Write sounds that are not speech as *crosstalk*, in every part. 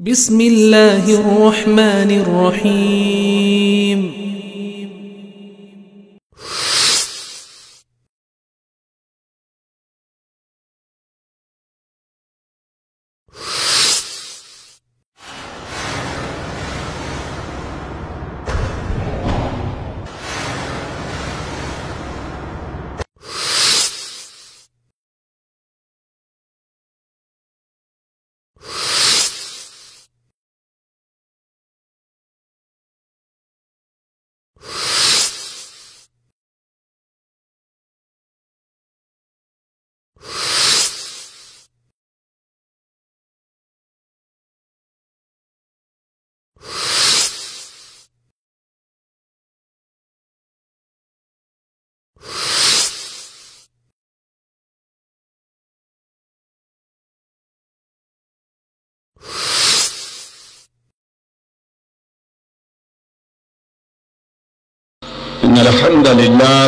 بسم الله الرحمن الرحيم إن الحمد لله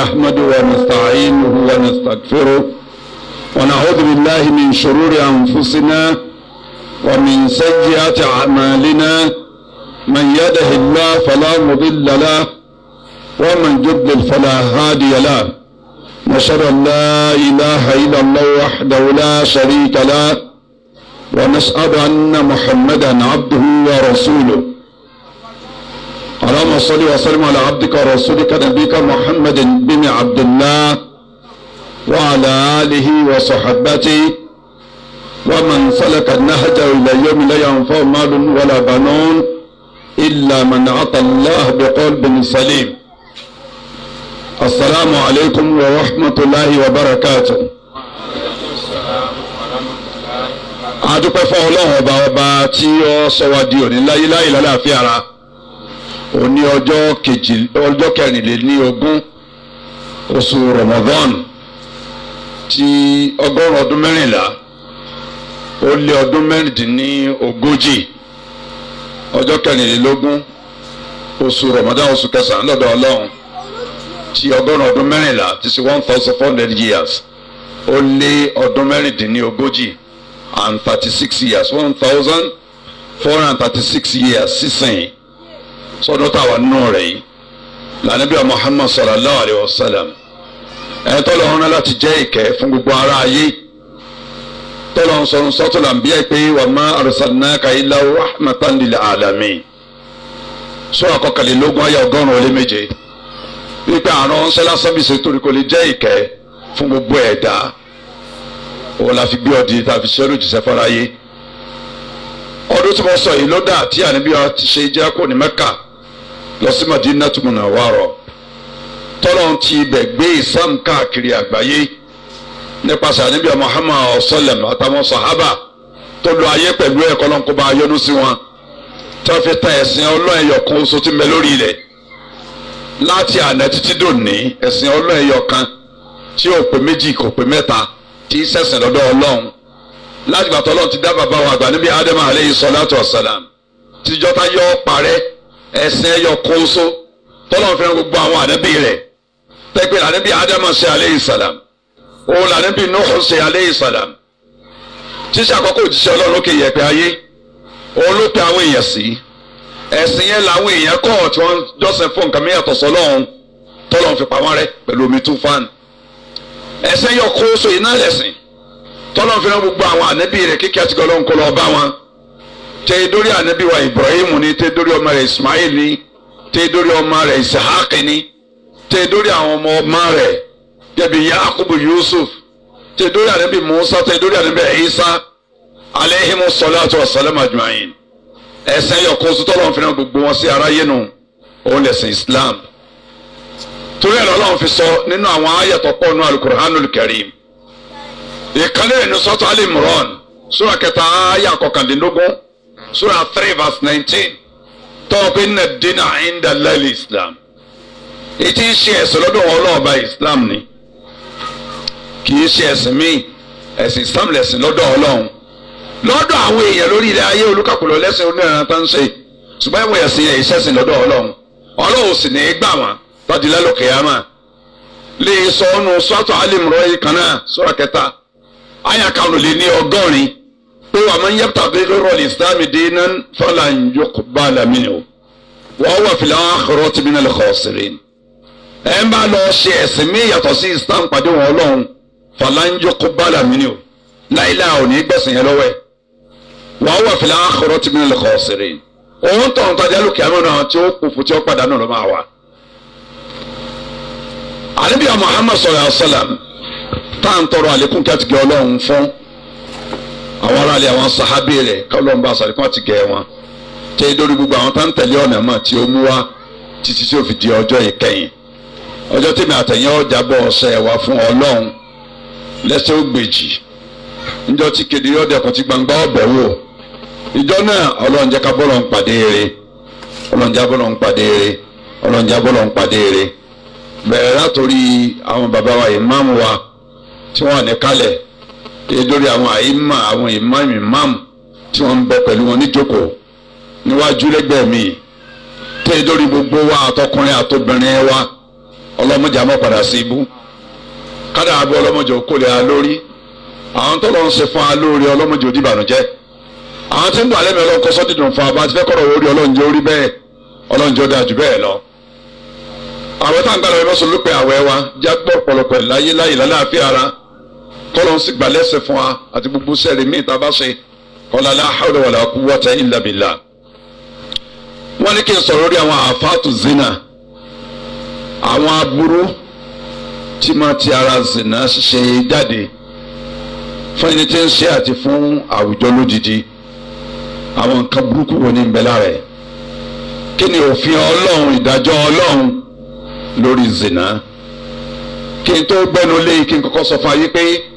نحمده ونستعينه ونستغفره ونعوذ بالله من شرور أنفسنا ومن سيئات أعمالنا من يده الله فلا مضل له ومن يضلل فلا هادي له نشهد أن لا إله إلا الله وحده لا شريك له ونسأل أن محمدا عبده ورسوله اللهم صل وسلم على عبدك ورسولك نبيك محمد بن عبد الله وعلى آله وصحبته ومن سلك النهج إلى يوم لا ينفع مال ولا بنون إلا من أعطى الله بقلب سليم السلام عليكم ورحمة الله وبركاته adúpẹ́ fún ọlọ́run ọba ọba tí ó sọ wá di òní láyé láyé lálàáfíà ara òní ọjọ́ kejì ọjọ́ kẹrìnlélógún oṣù Ramadan ti ọgọ́rùn ọdún mẹ́rìnlá ó lé ọdún mẹ́rìndínlógójì ọjọ́ kẹrìnlélógún oṣù Ramadan oṣù kẹsàn-án lọ́dọ̀ Ọlọ́run ti ọgọ́rùn ọdún mẹ́rìnlá ti ṣe one thousand four hundred years ó lé ọdún mẹ́rìndínlógójì and thirty six years one thousand four hundred and thirty six years sísìn. Si sọdún táwa nù rẹ̀ yìí lànàbí wa Muhammad sallallahu alayhi wa sallam ẹ̀ tọ́lọ́run náà láti jẹ́ ìkẹ́ fún gbogbo ara ayé tọ́lọ́run sọ̀rọ̀ sọ́tọ̀lá ń bí ẹ pé wa ma arsalnaka illa rahmatan lil alamin sọ́ra kọkànlélógún ayé ọgọ́rùn-ún ó lé méje wípé àrùn ṣẹlá sọ́bìsì torí fún gbogbo ẹ̀dá òun la fi gbé ọdí tá a jìṣẹ́ fáráyé ọdún tí mo sọ yìí ló dà tí àníbíyà ti ṣe jẹ́ kó ní Mẹ́kà lọ sí madina tó múnà wà rọ tọ́lọ̀ ti ibẹ̀ gbé islam káàkiri àgbáyé nípasẹ̀ àníbíà muhammad ọ̀sọ́lẹ̀m àtàwọn sàhábà tó lo ayé pẹ̀lú ẹ̀kọ́ náà kó bá a yọ́nú sí wọn tó fi ta ẹ̀sìn ọlọ́ẹ̀yọ̀ kan oṣù tí ń bẹ lórí ilẹ̀ láti àná títí dòní ẹ̀sìn ọlọ́ẹ̀yọ̀ kan tí ò pé méjì kò pé mẹ́ta tí í ṣẹ̀sìn lọ́dọ̀ ọlọ́run láti gbàtọ́ ọlọ́run ti dá bàbá àgbà níbi ádámù alayhi salatu wassalam tíjọ́ta yọ ọ́ parẹ́ ẹ̀sìn ẹyọ kan so tọ́lọ́run fẹ́ràn gbogbo àwọn ànábì rẹ̀ tẹ́pẹ́ ànábì ádámà ṣe aleyhi sàlám òun lànábì nuhu ṣe aleyhi sàlám ṣíṣe àkọ́kọ́ òjíṣẹ́ ọlọ́run lókè yẹ̀pẹ̀ ayé òun ló pe àwọn èèyàn sí ẹ̀sìn yẹn làwọn èèyàn kọ́ tí wọ́n jọ́sìn fún nǹkan mìíràn tọ̀sọ̀ lọ́hún tọ́lọ́run fi pamọ́ rẹ̀ pẹ̀lú omi tún fan. ẹ̀sìn yọ kó so iná lẹ̀sìn tọ́lọ́run fẹ́ràn gbogbo àwọn ànábì rẹ̀ kíkẹ́ àti gọ́lọ́run kó lọ bá wọn tẹ dórí ànábì wa Ibrahim ni tẹ dórí ọmọ rẹ̀ Ismail ni tẹ dórí ọmọ rẹ̀ Isahaq ni tẹ dórí àwọn ọmọ ọmọ rẹ̀ gẹbi Yakubu Yusuf tẹ dórí ànábì Musa tẹ dórí ànábì Isa aleihimu salatu wa salam ajumain ẹsẹ yọkọ sotọlọ nfinna gbogbo wọn sí aráyé nu òun lẹsìn Islam torí ẹ̀rọ ọlọ́run fi sọ nínú àwọn ayẹ̀tọ̀ pọ̀ nínú alukur'anul karim ìkànnì rẹ̀ ní sọ́tọ̀ sura kẹta ayé àkọkàndínlógún Surah 3 verse 19 tọ́wọ́ pé nínú dínà ẹ̀ńdà lẹ́lẹ̀ Islam ètí ń ṣe ẹ̀sìn lọ́dọ̀ wọn ọlọ́ọ̀ba Islam ni kì í ṣe ẹ̀sìn míì ẹ̀sìn Islam lẹ̀sìn lọ́dọ̀ Ọlọ́run lọ́dọ̀ àwọn èèyàn lórí ilẹ̀ ayé olúkàkùlọ̀ lẹ́sìn oníranà tó ń ṣe ṣùgbọ́n ìwọ̀n ẹ̀sìn ẹ̀ ìṣẹ́sìn lọ́dọ̀ Ọlọ́run Ọlọ́run sì ní í gbà wọ́n tọ́jú lálùkè yàmà lè sọ ọ́nù sọ́tọ̀ alẹ́ mùrọ̀ yìí kan náà sọ́ra kẹta àyàkà ọ̀nà lè ní ọgọ́rin pé wà máa ń yẹ tàbí rírọ̀ ìsìlámù dínà fọlá ń yọkù bá lamínú wọ́n wà fìlà àkọrọ̀ tìmí náà lọ́kọ̀ ọ̀sẹ̀rẹ̀ ẹ̀ ń bá lọ ṣe ẹ̀sìn mí yàtọ̀ sí ìsìlámù pàdé wọn ọlọ́run fọlá ń yọkù bá lamínú láìlà ò ní gbẹ̀sìn yẹn lọ́wọ́ ẹ̀ wọ́n wà fìlà àkọrọ̀ tìmí náà lọ́kọ̀ ọ̀sẹ̀rẹ̀ òun tọ̀hún tajà lókè àmì náà tí ó kù fún tí ó padànù lọ́ máa wà. àníbíyà Muhammad sọ̀rọ̀ àṣàlám táà ń tọrọ àlékún kẹ́tìkẹ́ ọlọ́run fún àwọn aráàlú àwọn sàhábì rẹ̀ kọ́lọ́mbà sàlìkún àti gẹ̀ wọn tẹ́ lórí gbogbo àwọn tá ń tẹ̀lé ọ̀nà mọ̀ tí ó mú wá títí tí ó fi di ọjọ́ ọjọ́ tèmi àtẹ̀yìn wa fún ọlọ́run lẹ́sẹ̀ tí kedere kan ti gbangba ọ̀bẹ̀ wò ìjọ náà ọlọ́run jẹ́ ká bọ́lọ̀ ń pàdé ọlọ́run jẹ́ bọ́lọ̀ ń pàdé ọlọ́run jẹ́ bọ́lọ̀ lórí àwọn àyímà àwọn ìmáàmù ìmáàmù tí wọ́n ń bẹ pẹ̀lú wọn níjókòó níwájú lẹ́gbẹ̀ẹ́ mi tẹ́ lórí gbogbo wa àtọkùnrin àtobìnrin wa ọlọ́mọdé àmọ́ padà sí ibú kádà abẹ́ ọlọ́mọdé òkòlè a lórí àwọn tó lọ ń ṣe fún a lórí ọlọ́mọdé òdìbànújẹ́ àwọn tí ń bọ̀ alẹ́ mi ọlọ́run kọ́sọ́ dídùn fún abá ti fẹ́ kọ́rọ̀ orí ọlọ́njẹ́ orí bẹ́ẹ̀ ọlọ́njẹ́ ó dáa jù tọ́lọ́ sì gbà lẹ́sẹ̀ fún wa àti gbogbo sẹ́ẹ̀rì míì tá a bá ṣe kọ́lálá hawla wàlá quwwata illa billah. wọ́n ní kí n sọ̀rọ̀ lórí àwọn àfáàtù zina àwọn aburú tí máa ti ara zina ṣe jáde fún ẹni tí ń ṣe àti fún àwùjọ lódìdí àwọn nǹkan burúkú wo ni ń bẹ lára ẹ̀ kí ni òfin ọlọ́run ìdájọ́ ọlọ́run lórí zina kí n tó gbẹ́nu lé kí n kọ́kọ́ sọ fún ayé pé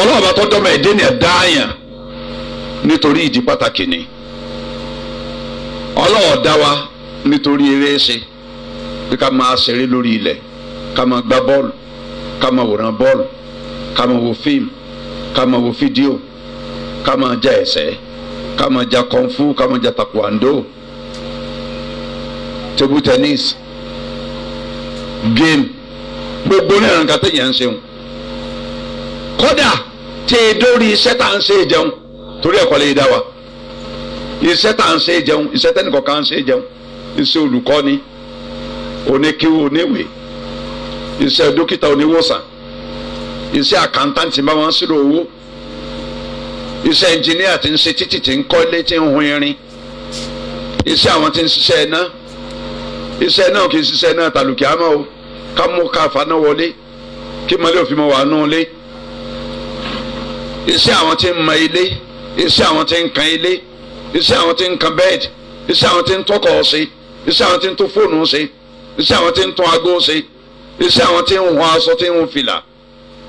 ọlọ́ọ̀bá tó dọ́mọ ẹ̀dẹ́ ni ẹ̀ dáàyàn nítorí ìdí pàtàkì ni ọlọ́ọ̀ dá wa nítorí eré ṣe pé ká máa ṣeré lórí ilẹ̀ ká máa gbá bọ́ọ̀lù ká máa wòran bọ́ọ̀lù ká máa wo fíìmù ká máa wo fídíò ká máa ja ẹ̀sẹ́ ká máa ja kọ́ńfù ká máa ja taekwondo table tennis game gbogbo ní ẹ̀rọ nǹkan tẹ̀yẹ̀ ń ṣeun kódà tí e dórí iṣẹ́ tá à ń ṣe é jẹun torí ẹ̀kọ́ lè dá wa iṣẹ́ tá à ń ṣe é jẹun iṣẹ́ tẹ́nìkan kan ń ṣe é jẹun iṣẹ́ olùkọ́ ni oníkíwò oníwèé iṣẹ́ dókítà oníwòsàn iṣẹ́ àkántáǹtì bá wọn sílò owó iṣẹ́ ẹnjìníà ti ń ṣe títì tí ń kọ́lé tí ń hun irin iṣẹ́ àwọn tí ń ṣiṣẹ́ iná iṣẹ́ náà kì í ṣiṣẹ́ náà tàlùkì àmọ́ o ká mú káfa náà wọlé kí mọ́lẹ́ òfin mọ́ wà nù lé iṣẹ́ àwọn tí ń mọ ilé iṣẹ́ àwọn tí ń kan ilé iṣẹ́ àwọn tí ń kan bẹ́ẹ̀dì iṣẹ́ àwọn tí ń tọkọ̀ ṣe iṣẹ́ àwọn tí ń tún fóònù ṣe iṣẹ́ àwọn tí ń tún aago ṣe iṣẹ́ àwọn tí ń hun aṣọ tí ń hun fìlà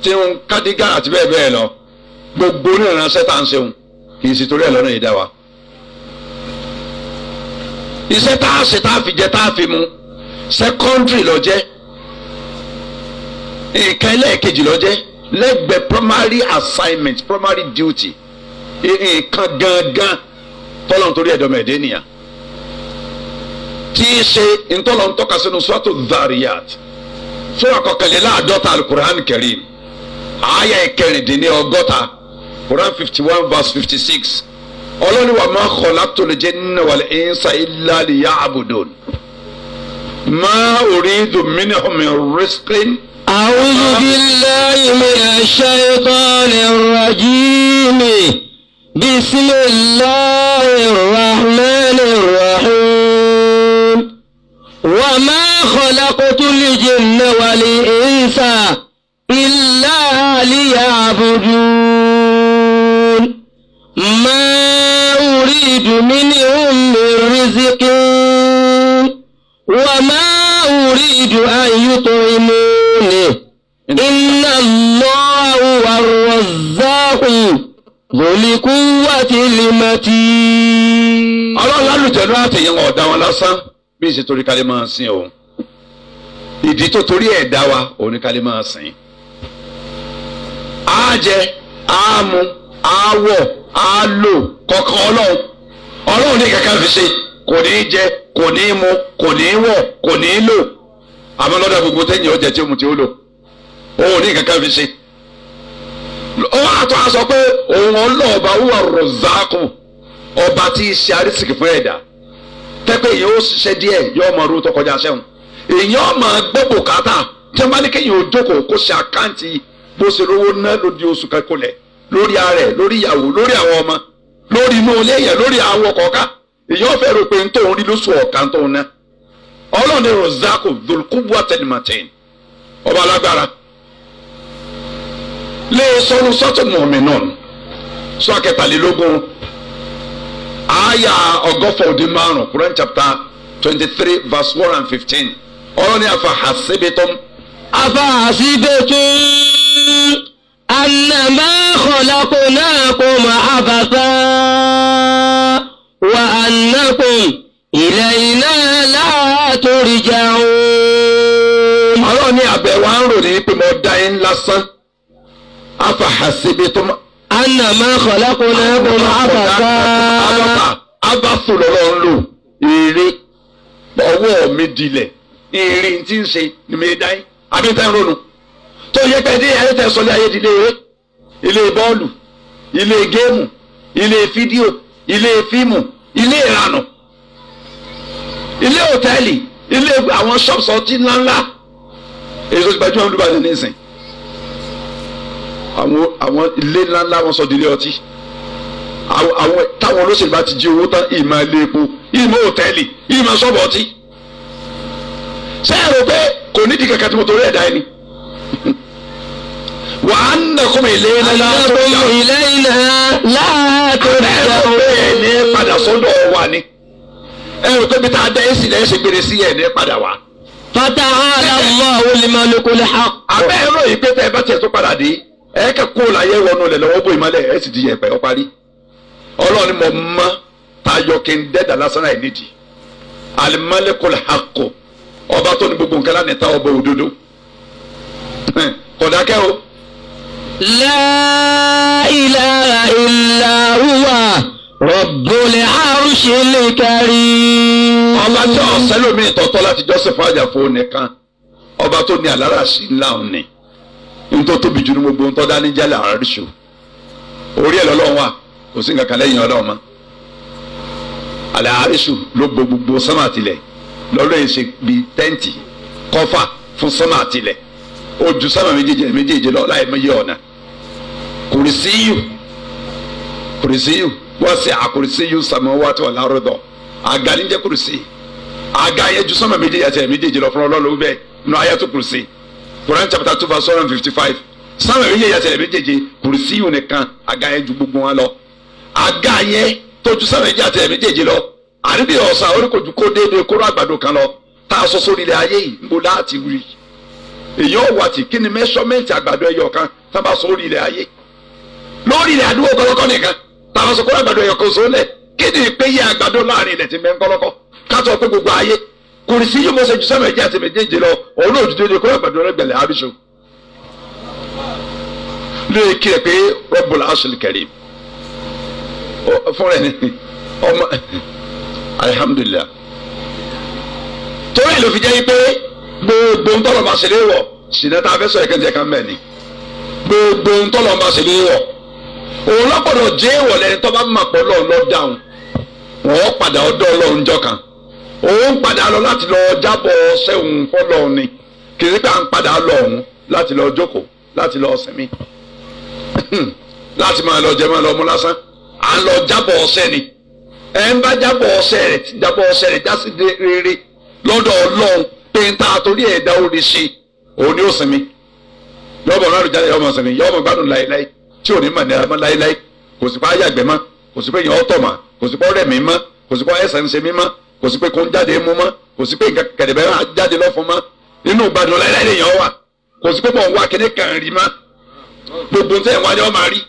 tí ń hun kádígà àti bẹ́ẹ̀ bẹ́ẹ̀ lọ gbogbo oníranṣẹ́ tá à ń ṣeun kì í sì torí ẹ̀ lọ́nà yìí dá wa. iṣẹ́ tá a ṣe tá a fi jẹ tá a fi mu secondary ló jẹ́ ìkẹ́lẹ́ kejì ló jẹ́ lẹ́gbẹ̀ẹ́ primary assignment primary duty nǹkan gangan tọ́lọ̀ nítorí ẹ̀dọ́mọ̀ ẹ̀dẹ́ nìyà tí í ṣe ntọ́lọ̀ ntọ́ka sínú sọ́tò Dhariyat fún àkọkànléláàdọ́ta alukur'an Karim àyà ìkẹrìndínlẹ́ọgọ́ta Quran fifty one verse fifty six ọlọ́ni wa ma khalaqtul jinna wal insa illa liya'budun ma uridu minhum min rizqin. أعوذ بالله من الشيطان الرجيم بسم الله الرحمن الرحيم وما خلقت الجن والإنس إلا ليعبدون ما أريد منهم من رزق وما أريد أن يطعمون ni inna Allaha huwa ar-razzaqu dhul quwwati al ọ̀dà wọn bí ìṣe torí kálí máa sìn o torí ẹ̀ wa òun ni kálí máa sìn. á jẹ á mu kò ní kò ní mu kò ní wọ̀ kò ní àmọ́ lọ́dọ̀ gbogbo tẹ́yìn ọjà tí omi tí ó lò òun ò ní kankan fi ṣe ó wà tó a sọ pé òun ọlọ́ọ̀bà wúwà rọ̀zákùn ọba tí í ṣe àrísìkì fún ẹ̀dá tẹ́pẹ́ èyí ó ṣiṣẹ́ díẹ̀ yọ ọmọ ọdún tó kọjá sẹ́wọ̀n èyí ọmọ gbọ́ bùkátà tí wọ́n bá ní kéèyàn òjókòó kó ṣe àkáǹtì bó ṣe lówó ná lódi oṣù kankulẹ̀ lórí arẹ̀ lórí ìyàwó lórí àwọn ọmọ lórí inú ilé yẹn lórí àwọn ọkọ̀ èyí ọ̀fẹ́ rò pé ntòun rí lóṣù ọ̀ka ntòun náà ọlọ́run ní rọ̀zákò dùlùkúbù àtẹnumàtẹ́n ọba alágbára lè sọnù sọ́tò mọ̀mí náà sọ akẹtàlélógún àyà ọgọ́fà ọdún márùn Quran chapter twenty three verse one and fifteen ọlọ́run ní afa hasibetum. afa hasibetum annama khalaqnakum abatha wa annakum. lásán afahasibitum. anamọ kọlẹkùnrin ẹkùnrin abàtà. abàtà abàfò lọ́rọ̀ ń lò eré ọwọ́ mi dilẹ̀ eré tí ń ṣe ni mi dá yín abẹ́tẹ́ ń ronú tó yẹ pé ní ẹ̀rẹ́ tẹ̀ sọlé ayé ìdílé eré ilé bọ́ọ̀lù ilé géèmù ilé fídíò ilé fíìmù ilé ìranù ilé hòtẹ́ẹ̀lì ilé àwọn ṣọ́ọ̀ṣì ọtí ńláńlá èyí tó ti gbajúmọ̀ ń dúbàdàn ní ìsìn àwọn àwọn ilé ńláńlá wọn sọ dilé ọtí àwọn táwọn olóṣèlú bá ti jí owó tán ìmọ̀ ilé epo ìmọ̀ òtẹ́ẹ̀lì ìmọ̀ sọ́ọ̀bù ọtí sẹ́yìn rò pé kò nídìí kankan tí mo torí ẹ̀dá ẹni wà á nà kó mi ilé ńláńlá tó yà ó ilé ilẹ̀ láàtò ìjà òun bẹ́ẹ̀ ni ẹ padà sọ́dọ̀ wa ni ẹ rò pé bí tá a dá èsì lẹ́ ṣe gbére sí ẹ̀ ní ẹ padà wá fata ala allah limalikul haq. abẹ́ ẹ̀rọ yìí pé tẹ́ ẹ bá tiẹ̀ tó padà dé ẹ kẹ kó láyé wọnú lẹ lọ́wọ́ bó ìmọ́lẹ̀ ẹ sì di yẹ̀pẹ̀ ọ parí Ọlọ́run ni mo mọ tayọ kí n dẹdà lásán láì nídìí alimalekul hako ọba tó ní gbogbo nǹkan lánàá ọba òdodo kọdákẹ́ o. La ilaha illa huwa Rabbul arshil karim. ọba tí ọ̀sẹ́ lómi ìtọ́tọ́ láti jọ́sìn fún àjàfọ́ nìkan ọba tó ní aláràṣí ńlá òní tó tóbi jù ní gbogbo ń tọ́ dání jálẹ̀ àríṣù orí ẹ̀ lọ́lọ́run wà kò sí nǹkan kan lẹ́yìn ọlọ́run mọ́ àlẹ́ àríṣù ló gbo gbogbo sánmà tilẹ̀ lọ́lọ́ yìí ṣe bi tẹ́ǹtì kọ́fà fún sánmà tilẹ̀ ojú sánmà méjèèjì méjèèjì lọ láì mọ iye ọ̀nà kùrìsíyù kùrìsíyù wọ́n ṣe àkùrìsíyù sàmúwàtí wà lárúdọ̀ àga níjẹ́ kùrìsí àga yẹn ju sánmà méjèèjì àti ẹ̀ méjèèjì lọ fún ọlọ́run bẹ́ẹ̀ nù ayẹ́tù kùrìsí. Quran chapter two verse one hundred fifty five sáwọn èyí yẹn ṣẹlẹ̀ méjèèjì kùrìsí yìí nìkan àga yẹn ju gbogbo wọn lọ àga yẹn tójú sáwọn èyí ṣẹlẹ̀ méjèèjì lọ àríbi ọ̀sán oríkojú kó déédéé kóró àgbàdo kan lọ tá a sọ sórí ilẹ̀ ayé yìí ń bo láti rí èyí ọ̀wà tí kí ni mẹ́sọ́mẹ́ǹtì àgbàdo ẹyọ kan tá a bá sọ orí ilẹ̀ ayé lórí ilẹ̀ àdúgbò kọ́lọ́kọ́ nìkan tá a sọ kóró àgbàdo ẹyọ kan sóńlẹ̀ kí ni ìpéyé àgbàdo láàrin ilẹ̀ ti mẹ́ ká sọ pé gbogbo ayé kùrìsí yìí mo ṣe ju sọ́mọ̀ ẹ̀jẹ̀ àti méjèèjì lọ òun náà ju déédéé kó lọ́gbàdo ọlọ́gbẹ̀lẹ̀ abisu lóye kí ẹ pé Rabbul Arshil Karim fúnra ẹni ọmọ alihamudulilayi torí ló fi jẹ́ pé gbogbo ntọ́lọ̀ máa ṣe léwọ̀ sinata afẹ́sọ̀ ẹ̀kẹ́ ti ẹ̀ka mẹ́ni gbogbo ntọ́lọ̀ máa ṣe léwọ̀ òun lọ́gbọ̀dọ̀ jẹ́ ìwọ̀lẹ́ni tó bá mọ̀ pọ̀ lọ́ọ̀ lọ́ọ̀ dáhùn wọ́n padà ọdọ́ ọlọ́run jọ kan òun padà lọ láti lọ jábọ̀ sẹ́hùn fọlọ́ ni kìí gbà ń padà lọ ọ̀hún láti lọ jókòó láti lọ sinmi *clears throat* láti máa lọ jẹ máa lọ mú lásán à ń lọ jábọ̀ ọsẹ ni ẹ ń bá jábọ̀ ọsẹ rẹ̀ jábọ̀ ọsẹ rẹ̀ já sí rere lọ́dọ̀ ọlọ́run pé ń ta àtòrí ẹ̀dá orí ṣe òun ni ó sinmi yọ̀bọ̀ náà lùjáde yọ̀bọ̀ sinmi yọ̀bọ̀ gbádùn láéláé tí ò ní mà ní ẹ̀rọ láéláé kò sí pa ayàgbẹ́ mọ́ kò sí pé yẹn ọ̀tọ̀ mọ́ kò sí pa ọ̀rẹ́ mi mọ́ kò sí pa ẹ̀sẹ̀ ń ṣe mi mọ́ kò sí pé kò ń jáde mú mọ́ kò sí pé kẹ̀dẹ̀bẹ̀ náà jáde lọ́fun mọ́ nínú ìbàdàn láìláì lèèyàn wà kò sí pé mò ń wá kíní kan rí mọ́ gbogbo ntẹ̀ wájú ọmọ rí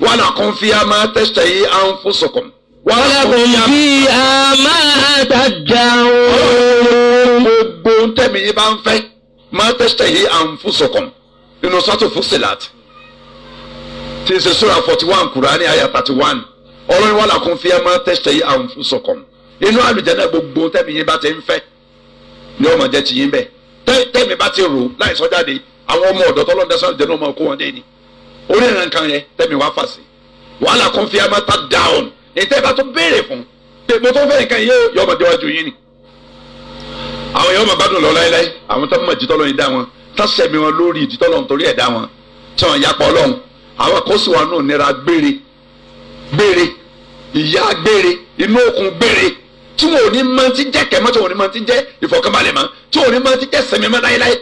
wọn là kún fi àmà tẹ̀sítẹ̀ yìí à ń fún sọ̀kọ̀m. wọn là kún fi àmà tàjà òun. gbogbo ntẹ̀mí yìí bá ń fẹ́ má tẹ̀sítẹ̀ yìí à ń fún sọ̀kọ̀m nínú sọ́tò fún sílàtì tí ń ṣe sura forty one Kùránì àyà thirty one ọlọ́run wọn là kún fi àmà tẹ̀sítẹ̀ yìí à ń fún sọ̀kọ̀m inú àlùjẹ́nà gbogbo tẹ́mi yín bá ti ń fẹ́ ni ọmọ jẹ́ ti yín bẹ́ẹ̀ tẹ́mi bá ti rò láì sọ jáde àwọn ọmọ ọ̀dọ́ tọ́lọ́ dẹ́sán àlùjẹ́nà ọmọ kó wọn dé ni orí ìran kan yẹn tẹ́mi wá fà sí wàhálà kan fi ama ta down ní tẹ́ bá tó béèrè fún mo tó fẹ́ nǹkan yìí yọ ọmọ déwájú yín ni àwọn yẹn ọmọ bá dùn lọ láéláé àwọn tó mọ̀ jítọ́lọ́ yìí dá wọn tó sẹ̀mí wọn lórí ìdítọ́lọ́ nítorí ẹ̀dá wọn tí wọn yapa ọlọ́run àwọn àkóso wọn náà nira gbére gbére ìyá gbére inú òkun gbére tí wọn ò ní máa ti jẹ́ kẹ́mọ́ tí wọn ò ní máa ti jẹ́ ìfọ̀kànbalẹ̀ mọ́ tí wọn ò ní máa ti jẹ́ sẹ̀mí mọ́ láéláé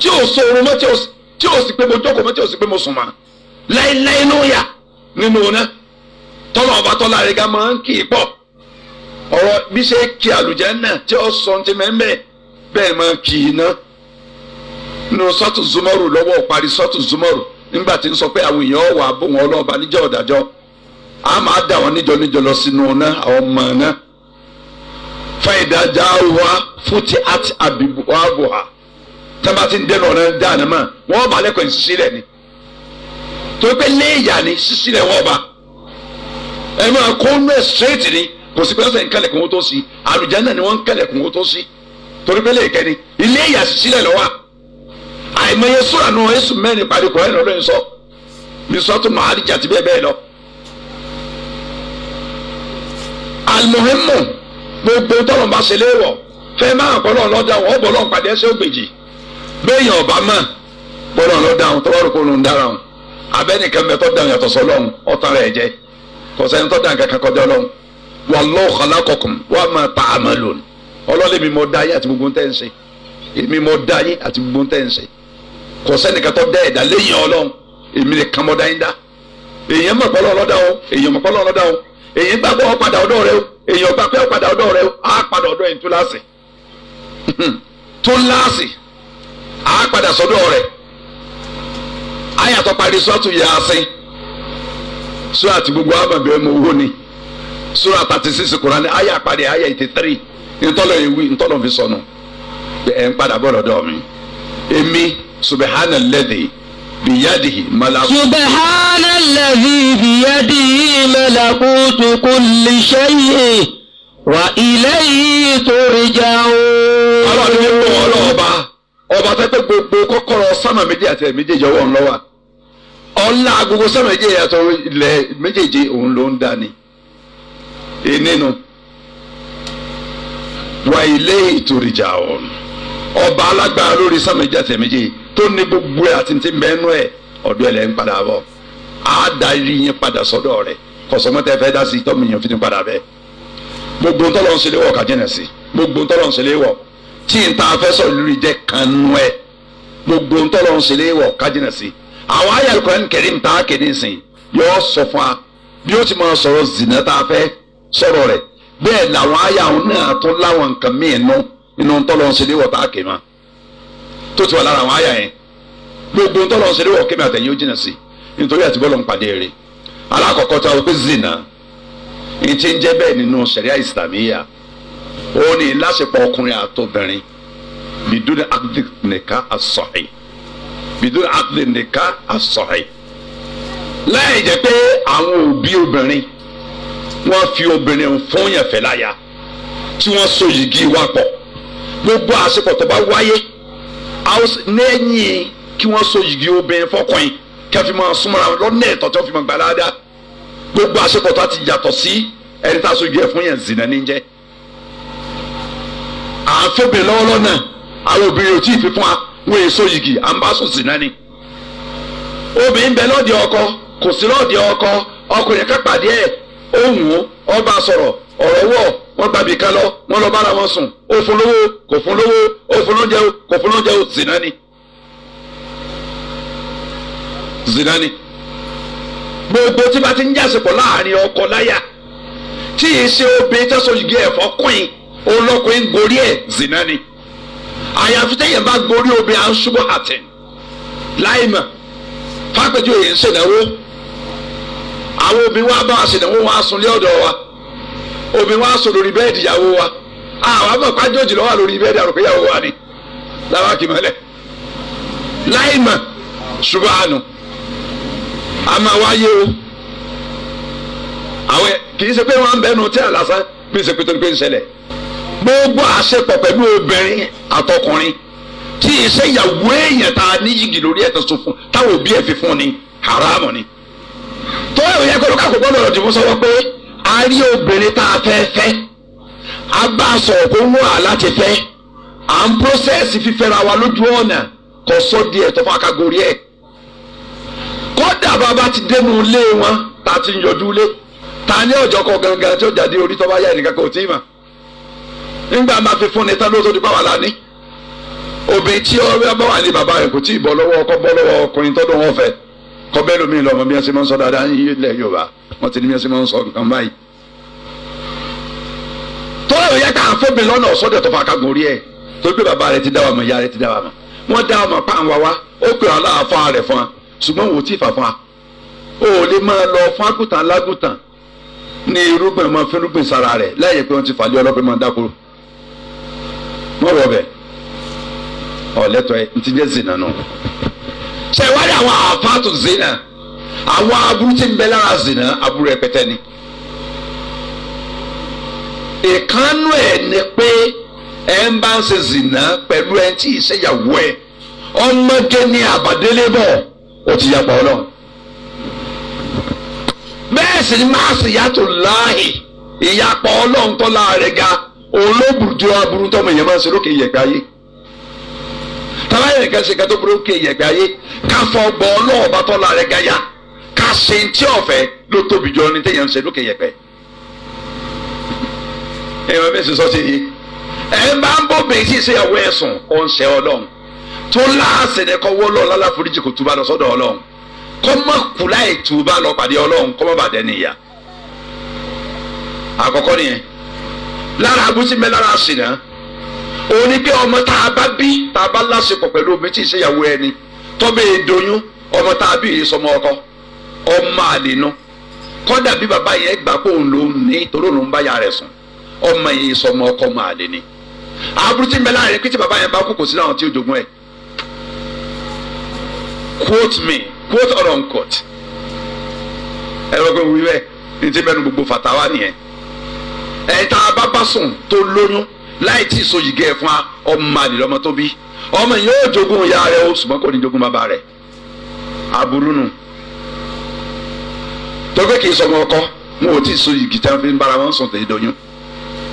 tí ò sọ̀rọ̀ mọ́ tí ò sì pé mo jókòó mọ́ tí ò sì pé mo sùn mọ́ láéláé ló yà nínú ọ̀nà tọ́lọ̀ ọba tọ́lá rẹ̀ ga máa ń kì í pọ̀ ọ̀rọ̀ bí ṣe kí àlùjánnà tí ó sọ ti mẹ́mẹ́ bẹ́ẹ̀ máa kì í ná nínú sọ́tù zumaru lọ́wọ́ parí sọ́tù zumaru nígbà tí ń sọ pé àwọn èèyàn wà bóun ọlọ́ọ̀bá a máa dà wọn níjọ níjọ lọ sínú ọ̀nà àwọn ọmọ ọ̀nà fàyídájà wa fúti àti àbíwá bò ha tábà ti ń dẹnu ọ̀nà dáná mọ́ wọ́n bá lẹ́kọ̀ọ́ ìṣísílẹ̀ ni torí pé léèyà ni ṣísílẹ̀ wọ́n bá ẹ máa kó nú ẹ̀ straight ni kò sí pé wọ́n sẹ̀ ń kálẹ̀ kún ó tó sí àlùjáná ni wọ́n ń kálẹ̀ kún ó tó sí torí pé léèkẹ́ ni ilé ìyà ṣísílẹ̀ lọ́wọ́ àìmọye sùrà náà Jésù mẹ́rin parí kọ́ ẹ̀ lọ́dún sọ ní sọ́tún màálì jàtí bẹ́ẹ̀ bẹ́ẹ̀ lọ. alimohimu gbogbo tọ́lọ̀ bá ṣe léwọ̀ fẹ́ máa kọ́ lọ́n lọ́dà wọ́n bọ̀ lọ́n padà ẹsẹ̀ ògbèjì béèyàn ọ̀bá mà bọ̀ lọ́n lọ́dà wọn tọ́lọ́ kó lóun dára wọn abẹ́nìkan mẹ́tọ́ dàn yàtọ̀ sọ lọ́hùn ọ̀tàn rẹ̀ jẹ́ kọ̀sẹ́ni tọ́ dàn kankan kọjá lọ́hùn wallahu khalaqakum wa ma ta'malun ọlọ́lẹ̀ mi mọ̀ dá yín àti gbogbo tẹ́ ń ṣe èmi mọ̀ dá yín àti gbogbo tẹ́ ń ṣe kọ̀sẹ́ni kẹtọ́ dẹ́ ẹ̀dá lẹ́yìn ọlọ́hùn èmi nìkan mọ̀ dá yín dá èèyàn mọ̀ pọ́lọ́ ọlọ́dà o èèyàn mọ̀ pọ́lọ́ ọlọ́dà o èyí gbàgbọ́ ọ padà rẹ o èyí ọgbà pé ọ padà ọ̀dọ̀ rẹ o á padà ọ̀dọ̀ ẹ̀ túláàsì túláàsì á padà sọ́dọ̀ rẹ̀ ayàtọ̀ parí sọ́ọ̀tù Yásìn sura ti gbogbo amabẹ́rẹ́ mọ owó ni sura thirty six Kùránì ayà parí ayà eighty three ntọ́lọ̀ ewì ntọ́lọ̀ fi sọnù ẹ̀ ń padà bọ̀ lọ́dọ̀ mi èmi subahana lẹ́dẹ̀ẹ́. بيده ملكوت سبحان الذي بيده ملكوت كل شيء وإليه ترجعون ọba ọba tẹ́tẹ́ gbogbo kọ́kọ́rọ́ sánmà méjì àti méjèèjì ọwọ́ ńlọ́wà ọ̀la gbogbo sánmà méjèèjì àti ilẹ̀ méjèèjì òun ló ń dání ìnínú wà ilé ìtòrìjà ọ̀nà ọba alágbára lórí sọmẹjẹ tẹmẹjẹ tó ní gbogbo ẹ àti ti mẹnu ẹ ọ̀dọ̀ ẹ lẹ ń padà bọ̀ á darí yín padà sọ́dọ̀ rẹ̀ kọsọmọtẹ fẹ dá sí tọmìyàn fi ní padà bẹ gbogbo ntọ́lọ́ ń ṣẹlẹ̀ wọ̀ kájẹ́nẹ̀ sí gbogbo ntọ́lọ́ ń ṣẹlẹ̀ wọ̀ tí n ta fẹ́ sọ lórí jẹ́ kanu ẹ gbogbo ntọ́lọ́ ń ṣẹlẹ̀ wọ̀ kájẹ́nẹ̀ sí àwọn ayé Al-Qur'an Karim ta kéde ta fẹ́ sọ̀rọ̀ rẹ̀ bẹ́ẹ̀ nínú ntọ́lọ́ ń tá a kè ma tó ti wà lára àwọn àyà yẹn gbogbo ntọ́lọ́ ń ṣe léwọ̀ kémi àtẹ̀yìn ó jìnnà sí nítorí àti bọ́lọ̀ ń pàdé rẹ̀ alákọ̀ọ́kọ́ tá a wọ́pẹ́ zina ní ti ń jẹ́ bẹ́ẹ̀ nínú ṣẹ̀ríà ìsìlámíyà ó ní láṣepọ̀ ọkùnrin àtobìnrin bidun akdi nìka asọ̀hìn bidun akdi nìka asọ̀hìn láì jẹ́ pé àwọn òbí obìnrin wọ́n fi obìnrin fún yẹn fẹ́ láya tí wọ́n so yìgì wá pọ̀ gbogbo àsìkò tó bá wáyé lẹ́yìn kí wọ́n so yìgì obìnrin fọkùnrin kí wọ́n fi máa súnmọ́ra lọ́nà ẹ̀tọ́ tí wọ́n fi máa gbà dáadáa gbogbo àsìkò tó ti yàtọ̀ sí ẹni tá a so yìgì ẹ̀ fún yẹn zìnà ní jẹ́ àfẹ́bẹ̀ lọ́wọ́lọ́ náà àwọn obìnrin ò tí ì fi fún wa wọ́n èso yìgì à ń bá sùn zìnà ni obìnrin bẹ lọ́ọ̀dì ọkọ kò sí lọ́ọ̀dì ọkọ ọkùnrin kápàdé wọ́n gbàbí kan lọ wọ́n lọ bára wọn sùn ó fún lówó kò fún lówó ó fún lóúnjẹ o kò fún lóúnjẹ o zina ni zina ni gbogbo tí bá ti ń jásepọ̀ láàrin ọkọ láyà tí yìí ṣe obìnrin tó sojúgé ẹ̀fọ́ kùn-ín olókùn gorí ẹ̀ zina ni àyàfi tẹ́yẹ̀ bá gorí obìnrin à àtẹ̀ láìmọ̀ fápẹ́jọ́ yìí ń ṣèdánwó àwọn obìnrin wa bá wa ṣèdánwó wọn á sunlé ọ̀dọ̀ wa obìnrin wa sọ lórí bẹ́ẹ̀dì ìyàwó wa àwọn àmọ́ pàjọ́jì lọ́wọ́ lórí bẹ́ẹ̀dì àròkè ìyàwó wa ni làwọn àkìmọ́lẹ̀ láì mà subahànù àmà wáyé o àwọn kì í ṣe pé wọn bẹnu tí àlàsà bí ṣe pé tó ní pé ń ṣẹlẹ̀ gbogbo àṣepọ̀ pẹ̀lú obìnrin àtọkùnrin tí iṣẹ́ ìyàwó èèyàn ta ní yìgì lórí ẹ̀tọ́ sọ fún táwọn òbí ẹ̀ fi fún ni haramu ni tó yẹ kó lóka kó gbọ́dọ̀ ọ̀dìbò sọ wọ́n pé a rí obìnrin tá a fẹ́ fẹ́ a bá a sọ̀rọ̀ pé wọ́n à láti fẹ́ à ń pọ́sẹ̀sì fífẹ́ra wa lójú ọ̀nà kò sọ di ẹ̀ tó fà kagori ẹ̀ kódà bàbá ti dénú ilé wọn tá a ti ń yọjú ilé ta ní ọjọ́ kọ gangan tí ó jáde orí tó bá yá ẹnìkan kò tí ì mà nígbà máa fi fún ni tán ló tó di báwa la ní obìnrin tí ó bá wà ní bàbá rẹ̀ kò tí ì bọ́ lọ́wọ́ ọkọ bọ́ lọ́wọ́ ọkùnrin tọ́dún wọn fẹ́ kọ́ bẹ́ẹ̀ lómi lọ́mọ bí wọ́n ṣe máa ń sọ dáadáa ní ilẹ̀ Yorùbá wọ́n ti ní mi ẹ́ sẹ́ máa ń sọ nǹkan báyìí. tọ́lá yóò yẹ ká àfọ́bìnrin lọ́nà ọ̀sọ́dọ̀ tó fà kágun orí ẹ̀ torí pé bàbá rẹ̀ ti dá wa mọ̀ ìyá rẹ̀ ti dá wa mọ̀ wọ́n dá wa mọ̀ pa àwọn wa ó pè ọ́ láàfọ́ rẹ̀ fún wa ṣùgbọ́n wò ó tí ì fà fún wa ó lè máa lọ fún àgùntàn lágùntàn ní irúgbìn máa fi irúgbìn sára rẹ̀ láyé pé wọ́n ti fàlẹ́ ọlọ́pẹ́ máa dákúrò mọ̀ wọ́ bẹ̀ ọ̀lẹ́tọ̀ ẹ̀ ń jẹ́ zina nù ṣe ìwádìí àwọn àfáàtù zina àwọn aburú tí ń bẹ lára zina aburú rẹpẹtẹ ni ìkànnù ẹ̀ ni pé ẹ ń bá ń ṣe zina pẹ̀lú ẹ tí ìṣèyàwó ẹ ọmọge ní àbàdélé bọ̀ ó ti yàgbà ọlọ́run bẹ́ẹ̀ sì ni máa sì yàtọ̀ láàyè ìyàpọ̀ ọlọ́run tó láàrẹ̀ ga olóbùdó aburú tọmọ èèyàn máa ń ṣe lókè yẹ̀gbẹ́ ayé tàbá yẹn kan ṣe kátó burú ayé káfọ́ gbọ́ ọlọ́ọ̀bá tó láàrẹ̀ ga ya ká ṣe ń tí ọ̀fẹ́ ló tóbi jọ ní téèyàn ń ṣe lókè yẹpẹ. ẹ wọ́n fẹ́ẹ́ sọ sí i ẹ bá ń bọ̀ bẹ́ẹ̀ sí ìṣèyàwó ẹ̀sùn ó ń ṣe ọlọ́run tó láàṣẹ ní kọ́ wọ́ lọ́ọ́ lálá foríjì kò túbà lọ sọ́dọ̀ ọlọ́run kọ́ mọ̀ kú láì túbà lọ pàdé ọlọ́run kọ́ mọ̀ bàdẹ́ níyà. àkọ́kọ́ nìyẹn lára abúsí mẹ́ lára àṣìná òun ni pé ọmọ tá a bá bí tá a bá láṣepọ̀ pẹ̀lú omi tí ìṣèyàwó ẹni tọ́bẹ̀ èdòyún ọmọ tá a bí ìsọmọ ọkọ ọmọ àlè nu kọ́dà bí bàbá yẹn gbà pé òun lòun ní torí òun bá ya rẹ̀ sùn ọmọ yẹn sọ ọmọ ọkọ ọmọ àlè ni àbúrú tí ń bẹ láàrin pé tí bàbá yẹn bá kú kò sí láwọn tí ó jogún ẹ̀ quote me quote or unquote ẹ̀rọ pé wíwẹ́ ní ti bẹ́ẹ̀ nu gbogbo fàtàwá nìyẹn ẹ̀ta abábásùn tó lóyún láì tí so yìí gẹ́ ẹ̀ fún wa ọmọ àlè lọ́mọ tó bí ọmọ yìí yóò jogún ìyá rẹ̀ ó ṣùgbọ́n kò ní jogún bàbá rẹ̀ aburú nù. No tọ́gbẹ́ kì í sọ ọmọ ọkọ wọn ò tí ì so yìgì tí wọn fi ń bára wọn sọ̀tẹ̀ ìdọ́yún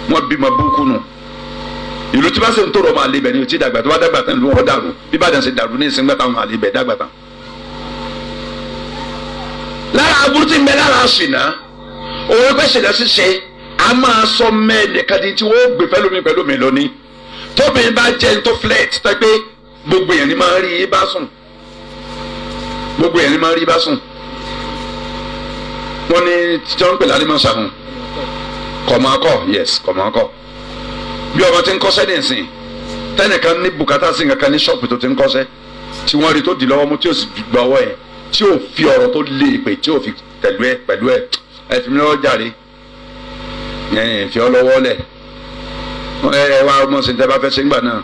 wọn bímọ búkú nù ìlú tí wọn sì ń tó rọ ọmọ àlebẹ ni ò tí ì dàgbà tó bá dàgbà tán ìlú wọn dàrú bí Ìbàdàn ṣe dàrú ní ìsìn gbàtà ọmọ àlebẹ dàgbà tán. lára aburú tí ń bẹ lára ṣìnà òun pẹ́ ṣìnà ṣíṣe a máa sọ mẹ́ẹ̀ẹ́dẹ́ka di tí wọ́n gbé pẹ̀lú mi pẹ̀lú mi lónìí tóbi bá jẹ́ tó wọ́n ní tí wọ́n ń pè lálẹ́ mọ́sá kọ̀mọ́kọ̀ yes kọ̀mọ́kọ̀ bí ọmọ ti ń kọ́ṣẹ́ ní ìsìn tẹ́nìkan ní bùkátà sí nǹkan ní ṣọ́ọ̀pù tó ti ń kọ́ṣẹ́ tí wọ́n rí tó di lọ́wọ́ mú tí ó sì gbà ọwọ́ yẹn tí ó fi ọ̀rọ̀ tó lé ìpè tí ó fi tẹ̀lú ẹ pẹ̀lú ẹ ẹ fi mi lọ́wọ́ jàre ẹ fi ọ lọ́wọ́ lẹ̀ ẹ wá ọmọ sí tẹ́ fẹ́ ṣe ń gbà náà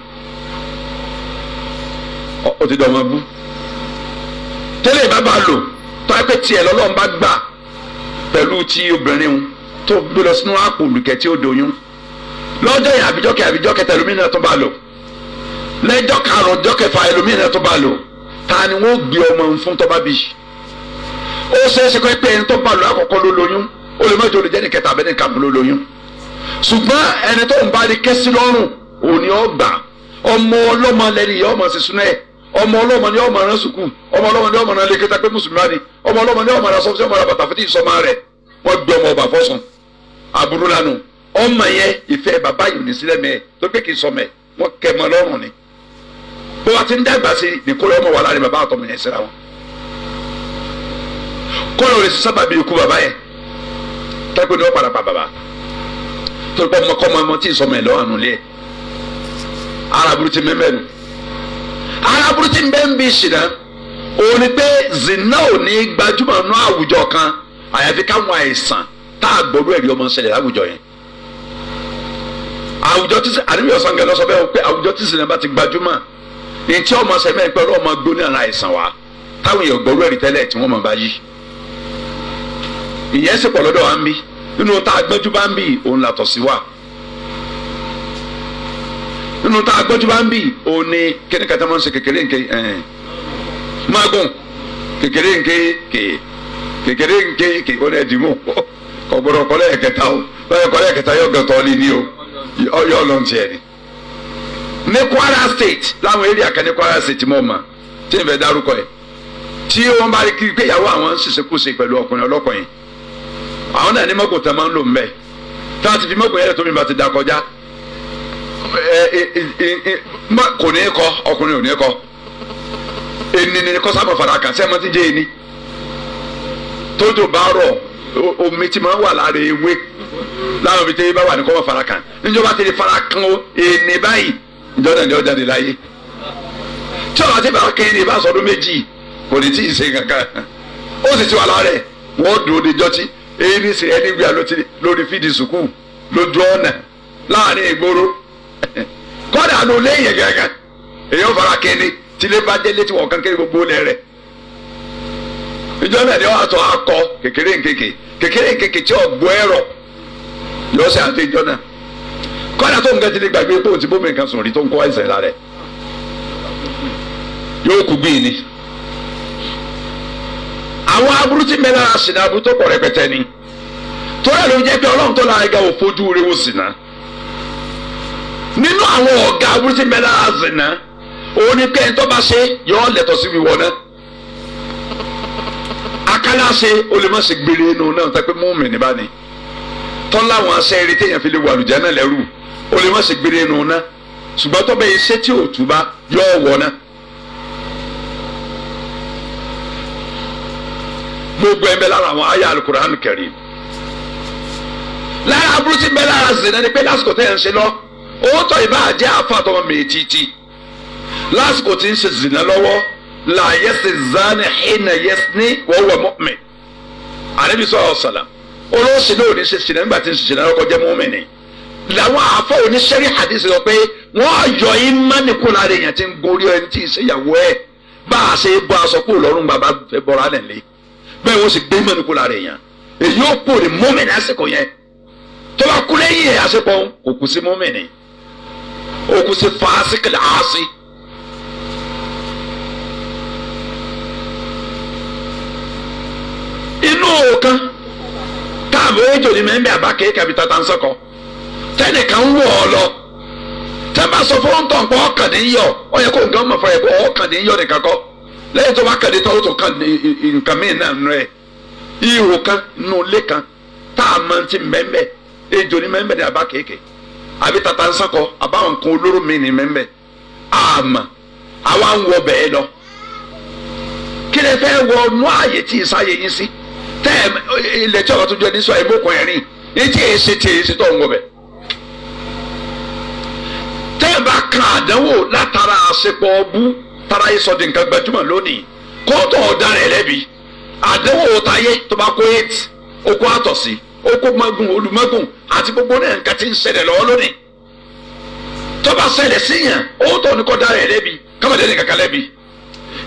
ó ti dọ̀ ọmọ bú tẹ́lẹ̀ bá bá lò tó á pẹ́ tiẹ̀ lọ́lọ́run bá gbà pẹ̀lú ti obìnrin wọn tó gbé lọ sínú àpò olùkẹ́ tí ó doyún lọ́jọ́ yẹn àbíjọ́kẹ́ àbíjọ́kẹ́ tẹ ẹlòmíràn tó bá lò lẹ́jọ́ karùn-ún jọ́kẹfà ẹlòmíràn tó bá lò ta ni wọ́n gbé ọmọ fún tó bá bí ó ṣeéṣe kọ́ pé ẹni tó bá lò àkọ́kọ́ ló lóyún ó lè mọ́jọ́ olùjẹ́ ní kẹta abẹ́ni kàmú ló lóyún ṣùgbọ́n ẹni tó ń bá ní kẹ́sí lọ́rùn òní ọgbà ọmọ ọlọ́mọ lẹ́ni ìyá ọmọ ṣiṣú náà ọmọ ọlọ́mọ ni ọmọ rán sùkúù ọmọ ọlọ́mọ ni ọmọ rán lẹ́kẹ́tà pé mùsùlùmí ni ọmọ ọlọ́mọ ni ọmọ rán sọ́fíìsì ọmọ rán bàtà fún ti ìsọmọ rẹ̀ wọ́n gbé ọmọ ọba fọ́sùn àbúrò lanu ọmọ yẹn ìfẹ́ bàbá yìí ní sílẹ̀ mẹ́ tó pé kì í sọmẹ wọ́n kẹ́ mọ lọ́rùn ni bó wa ti ń dàgbà sí ni kó lọ́mọ wà láàrin bàbá àtọmọ yẹn síra wọn kó lọ rẹ sábà bí ikú bàbá yẹn tẹ́gbẹ́ ni wọ́n padà pa bàbá aláburú tí ń bẹ́ẹ̀ ń bí ṣìnà òun ni pé zina ò ní gbajúmọ̀ nú àwùjọ kan àyàfi káwọn àìsàn tá a gbọ́dọ̀ ẹ̀rí ọmọ ṣẹlẹ̀ láwùjọ yẹn àwùjọ tí àdébí ọ̀sán gẹ̀ẹ́ lọ́sọ bẹ́ẹ̀ pé àwùjọ tí zina bá ti gbajúmọ̀ ní tí ọmọ sẹ́mi ẹ̀ pẹ́ ọlọ́ ọmọ gbóni àrà àìsàn wa táwọn èèyàn gbọ́dọ̀ ẹ̀rí tẹ́lẹ̀ tí wọ́n mọ̀ bá yí ìyẹn sì pọ̀ lọ́dọ̀ wa ń bí nínú tá a gbẹ́jú bá ń bí òun làtọ̀ sí wa nínú tá a gbọ́ tí wọ́n ń bì òun ni kíni kata máa ń ṣe kékeré nke magun kékeré nke ké kékeré nke ké ó lè dìmú ọ̀gbọ̀dọ̀ kọ́lẹ́ ẹ̀kẹta o báyọ̀ kọ́lẹ́ ẹ̀kẹta yóò gẹ̀tọ́ ni ni o yóò lọ tiẹ̀ ni. ní Kwara State láwọn area kan ní Kwara State mọ̀ ma tí n fẹ́ dárúkọ yẹ tí wọ́n bá rí kiri pé ìyàwó àwọn ń ṣiṣẹ́ kúṣe pẹ̀lú ọkùnrin ọlọ́kùnrin àwọn náà ní mọ́kò tẹ́ máa ń lò ń bẹ̀ tá a ti fi mọ́kò yẹn tó mi bá ti dà kọjá Eh, eh, eh, kò ní kọ ọkùnrin ò ní kọ ẹni ni kọ sábà fara kàn sí ẹ máa ti jẹ ẹni tójò bá rọ omi tí ma wà lára ewé láwọn ibi tí bá wà ní kọ́ fara kàn níjọba ti di fara kan o ẹni báyìí ìjọba ìjọba jáde láyé tí ọ̀la ti bá kéde bá sọdún méjì kò ní tí ì ṣe kankan ó sì ti wà lára wọ́n dùn lórí fídì sùkúù lójú ọ̀nà láàrin ìgboro kọ́dà ló léyìn gẹ́gẹ́ èyàn fara kéde tílé bá délé tí wọ́n kàn gbogbo lẹ́ rẹ̀ ìjọ náà ni wọ́n akọ kékeré nkeke kékeré nkeke tí ẹ̀rọ yọ sí àti ìjọ náà kọ́dà tó nǹkan ti gbàgbé ti bómi nǹkan sùn rí tó ń kọ́ ẹ̀sẹ̀ la yóò kú gbìn ni àwọn aburú tí mẹ́lára tó pọ̀ rẹpẹtẹ ni tó ló jẹ́ pé ọlọ́run tó la nínú àwọn ọ̀gá abúlé mẹ́lá ni oníkẹ́yìn tó bá ṣe yọ ọ́ lẹ́tọ̀ sí wíwọ náà akálàṣe olùmọ̀ọ́sẹ̀ gbére inú náà tẹ́ pé mọ́ọ̀mì ní bá ní tọ́lá àwọn aṣẹ́ eré téèyàn fi lè wà lùjá náà lẹ́rù olùmọ̀ọ́sẹ̀ gbére inú náà ṣùgbọ́n tó bẹ́ẹ̀ iṣẹ́ tí òtún bá yọ ọ̀wọ́ náà. gbogbo ẹ̀ lára àwọn ayé Al-Qur'an Karim lára abúrúsí ń bẹ lára zìnnà ni pé lásìkò tẹ́ ẹ̀ ń ṣe lọ́ọ́ ó tọ̀ ìbá jẹ́ àfàtọ̀mọ̀ mètìtì lásìkò tí ń ṣe zìnà lọ́wọ́ là yẹsẹ̀ zani hìnà yẹsẹ̀ ní wọ́wọ́ mọ́mì àníbi sọ̀rọ̀ olóòsì náà ò ní ṣe zìnà nígbà tí ń ṣe zìnà lọ́kọ́ jẹ́ mọ́mì ni làwọn afọ oníṣẹ́rí hadith sọ pé wọ́n yọ ìmánì kó lára èèyàn ti ń gorí ẹni tí ì ṣèyàwó ẹ̀ bá a ṣe bọ́ aṣọ kó lọ́rùn bàbá fẹ́ bọ́ra nílé bẹ́ẹ̀ wọ́n sì gbé ìmánì kó lára èèyàn èyí ó pòrè mọ́mì ní àsìkò yẹn tó bá kú lẹ́yìn ẹ̀ àṣepọ̀ kò kù sí mọ́mì ni okusi faasi kele aasi. inú òkan táàbù ejò ni mẹ́ńbẹ́ àbákẹ́ kàbí tata ń sọ̀kọ tẹnìkan ń wọ̀ ọ́ lọ tẹ́nbà sọ fún ọ̀ntàn pọ̀ ọ̀kàn ní yọ ọ yẹ kó nǹkan mọ̀ fọ yẹ kó ọ̀kàn ní yọ nìkan kọ́ lẹ́yìn tó bá kàn ní tọ́wọ́ tó kàn ní nǹkan míì náà nù ẹ̀ ihò kan nù lé kan táàmù ti mẹ́ńbẹ́ ejò ni mẹ́ńbẹ́ ni àbákẹ́ kẹ́ àbí tata ń sọkọ àbáwọn nǹkan olóró mi ní mẹ́mbẹ́ àmọ́ àwa ń wọ bẹ́ẹ̀ lọ kí lè fẹ́ wọ nú ààyè tí ìsáyè yín sí tẹ́ ilẹ̀ tí ọ̀rọ̀ tó jọ ní sọ ẹ̀mọ́kùn ẹ̀rín ètí èsì tí èsì tó ń wọ bẹ́ẹ̀ tẹ́ ẹ bá kan àdánwò látara àṣepọ̀ ọbú tara yìí sọ di nǹkan gbajúmọ̀ lónìí kóòtù ọ̀daràn ẹlẹ́bi àdánwò táyé tó bá kó eight okó àtọ̀sí okòmọ́gùn olùmọ́gùn àti gbogbo náà nǹkan ti ń ṣẹlẹ̀ lọ́wọ́ lónìí tó bá ṣẹlẹ̀ síyàn ó tọ̀ ní kọ́dá rẹ̀ lẹ́bi kámẹ́lẹ́ ní kankan lẹ́bi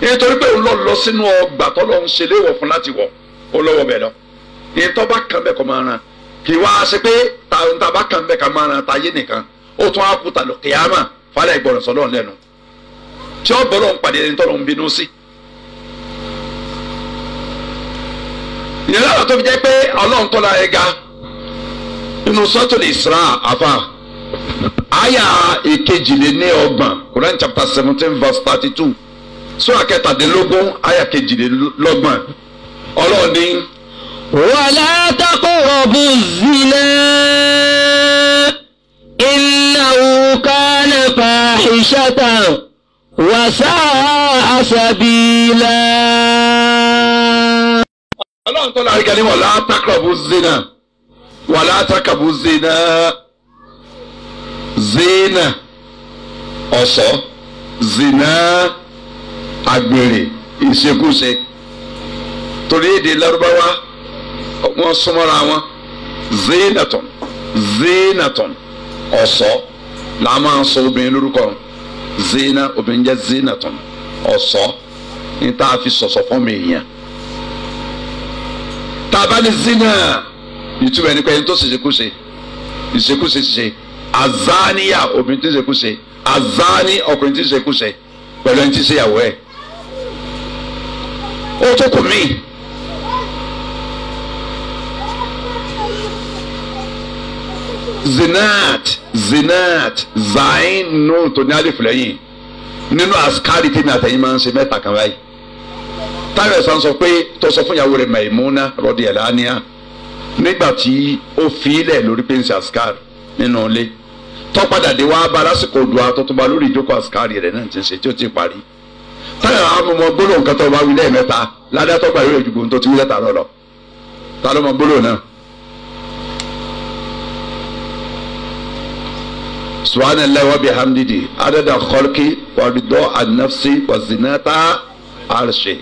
nítorí pé òun lọ lọ sínú ọgbà tó lọ ń ṣe léwọ̀ fún láti wọ̀ ó lọ́wọ́ bẹ̀ lọ ìtọ́ bá kàn bẹ́ẹ̀ kọ́ máa ran kì í wá ṣe pé ta bá kàn bẹ́ẹ̀ kà máa ran ta yé nìkan ó tún á kú tàlọ́ kìyàmà falẹ̀ ìgbọ̀ràn sọ́lọ́ọ̀ lẹ́nu tí ó bọ́ lọ́n ìyẹn lọ́nà tó fi jẹ́ pé ọlọ́run tó la ẹ̀ga nínú sọ́tòlì Isra àfà àyà ìkejìléníọgbọ̀n Quran chapter seventeen verse thirty two sura kẹtàdínlógún àyà kejìlélọ́gbọ̀n ọlọ́run ní. wàlá taqrabu zina innahu kana fahishatan wa sa'a sabila ọlọ́run tó lárí kẹ́ni wọ̀lá tákàbù zina wọ̀lá tákàbù zina zina ọ̀sọ́ zina agbèrè ìṣekúṣe torí èdè lárúbáwá wọ́n súnmọ́ra wọn zinaton zinaton ọ̀sọ́ làá máa ń sọ obìnrin lórúkọ zina obìnrin jẹ́ zinaton ọ̀sọ́ ní tá a fi sọ̀sọ̀ fún mi yẹn tàbá zina ìtumọ̀ ẹni pé ẹni tó ṣèṣekúṣe ìṣekúṣe ṣe azaniya obìnrin tí ń ṣekúṣe azani ọkùnrin tí ń ṣekúṣe pẹ̀lú ẹni tí ń ṣèyàwó ẹ̀ ó tó kù mí. zinat zinat zain nù tó ní alif lẹ́yìn nínú askari tí mi àtẹ̀yìn máa ń ṣe mẹ́ta kan báyìí táyọ̀ ẹ̀sán sọ pé tó sọ fún ìyàwó rẹ̀ Maimuna rọ́dí ẹ̀ lánìá nígbà tí ó fi ilẹ̀ lórí pẹ́ǹsì àṣkár nínú ilé tó padà dé wá bá lásìkò dùn àtọ́túnba lórí ìjókòó àṣkárì rẹ̀ náà ti ṣe tí ó ti parí táyọ̀ amọ̀mọ́ gbólóhùn kan tó bá wí lẹ́ẹ̀mẹ́ta ládàá tó gbà yóò ju gbóhùn tó ti wí lẹ́ta rọ̀ lọ ta ló mọ gbólóhùn náà. subhana allah wa bihamdihi adada khalqi wa ridọ an-nafsi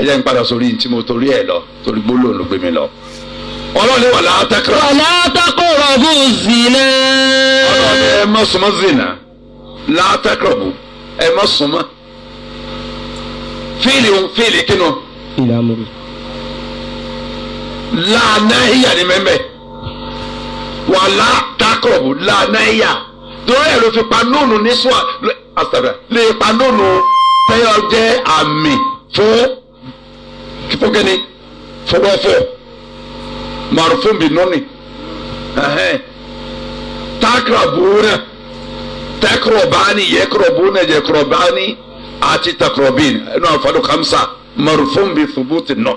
ẹ jẹ́ n padà sórí tí mo torí ẹ̀ lọ torí gbólóhùn ló gbé mi lọ. ọlọ́ọ̀ni wà látàkùrọ̀. wà látàkùrọ̀ bù zìnà. ọlọ́ọ̀ni ẹ má súnmọ́ zìnà látàkùrọ̀ bù ẹ má súnmọ́. fíìlì fíìlì kínú. fíìlì amúrú. lànà ìyá ni mẹ́mẹ́ wà látàkùrọ̀ bù lànà ìyá dúró ẹ̀ fi pa nóònù ní sùn àṣàrà lè pa nóònù tẹ́yọ̀ jẹ́ àmì fún kipokeni fɔdɔfɔ marufun bi nɔni ɛhɛn takra buuna tɛkorɔ baani yɛkorɔ buuna yɛkorɔ baani ati takra bin ɛnu afɔdo kamsa marufun bi thubuti nɔ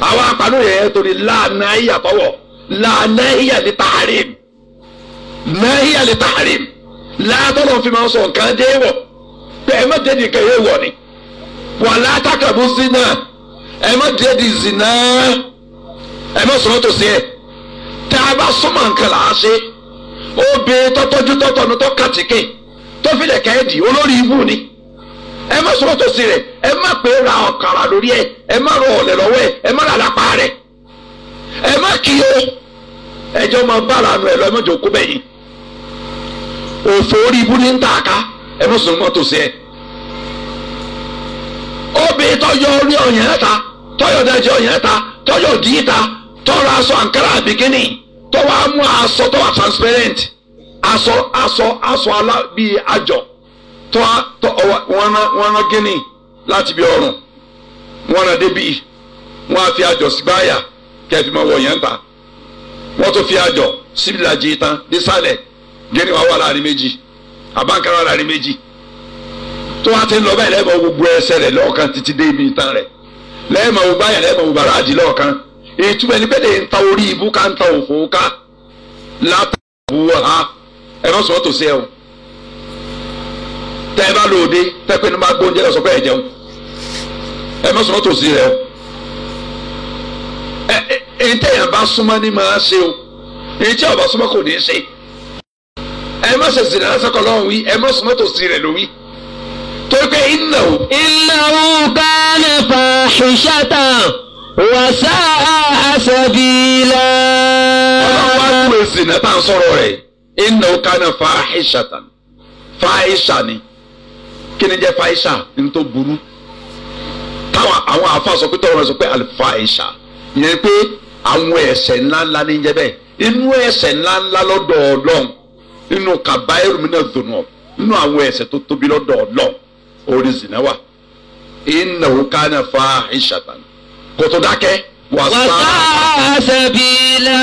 àwọn akpanu yɛ tori laanayiya tɔwɔ laanayiya li taarim nahiya li taarim laatɔlɔ fi ma sɔn kan de bɛɛ ma deli ka ye wɔ ni wà látàkàbù sí náà ẹ má díẹ̀ di zina ẹ má sọ̀rọ̀ tó sí ẹ tá a bá sọ́mọ̀ nǹkan là á ṣe obè tọ́tọ́jú tọ́tọ́nu tó kàtìkì tó filẹ̀ kẹ́ẹ̀dì olórí ibú ni ẹ má sọ̀rọ̀ tó sí rẹ̀ ẹ má pé ra ọ̀kàrà lórí ẹ ẹ má rọ ọ̀lẹ̀ lọ́wọ́ ẹ ẹ má rà lápá rẹ̀ ẹ má kí o ẹjọ́ máa bá ara rẹ̀ lọ ẹ má jọ kó bẹ́yìn òfò orí ibú ní ń tà ká ẹ má sọ̀rọ̀ mọ́tò sí ẹ obè tó yọ orí ọ̀yàn ẹ̀ta tọ́yọ̀ dẹjọ́ yẹn ta tọ́yọ̀ dì í ta tọ́ra aṣọ àǹkárá àbíkínì tọ́wọ́ á aṣọ tọ́wọ́ transparent aṣọ aṣọ aṣọ ala bíi àjọ tọ́ wọ́n rán gíní láti bí ọrùn wọ́n rán débi wọ́n á fi àjọ sígbáyà kẹfì máa wọ̀ yẹn ta wọ́n tún fi àjọ síbìlàjì tán nísàlẹ̀ gíní wàá wà láàrin méjì àbáǹkárá wà láàrin méjì tó wá ti ń lọ gbogbo ẹsẹ̀ rẹ̀ lọ́ọ̀kan títí dé ibi ìtàn rẹ̀ lẹ́ẹ̀mọ̀ wo báyà lẹ́ẹ̀mọ̀ wo bàrà àdìlọ́ kan ìtumọ̀ ẹni bẹ́ẹ̀ ń ta orí ibú ká ń ta òfò ká látàbù wọ̀ ha ẹ má sọ tòsí ẹ o tẹ́ ẹ bá lò dé tẹ́pẹ́ ní máa gbóúnjẹ lọ́sọ̀ pé ẹ jẹun ẹ má sọ tòsí rẹ o ẹ ẹ ntẹ́ yẹn bá súnmọ́ ní máa ṣe o èyí ọba súnmọ́ kò ní í ṣe ẹ má ṣe zìnnà lásìkò lọ́wọ́ wí ẹ má súnmọ́ tòsí rẹ lówí tó gbé iná o. iná o ká lè fa ṣùṣàtà wàṣà àṣàbílà. ọlọ́run wá kúrò zìnà tá àwọn àfa sọ pé tọrọ sọ pé àlùfáà ṣà àwọn ẹ̀ṣẹ̀ ńláńlá ní jẹ́ bẹ́ẹ̀ inú ẹ̀ṣẹ̀ ńláńlá lọ́dọ̀ Ọlọ́run nínú kàbáyé rúmínà dùnú àwọn ẹ̀ṣẹ̀ tó tóbi lọ́dọ̀ orí zina wa innahu kana fahishatan kòtò dákẹ́ wàsá sabila.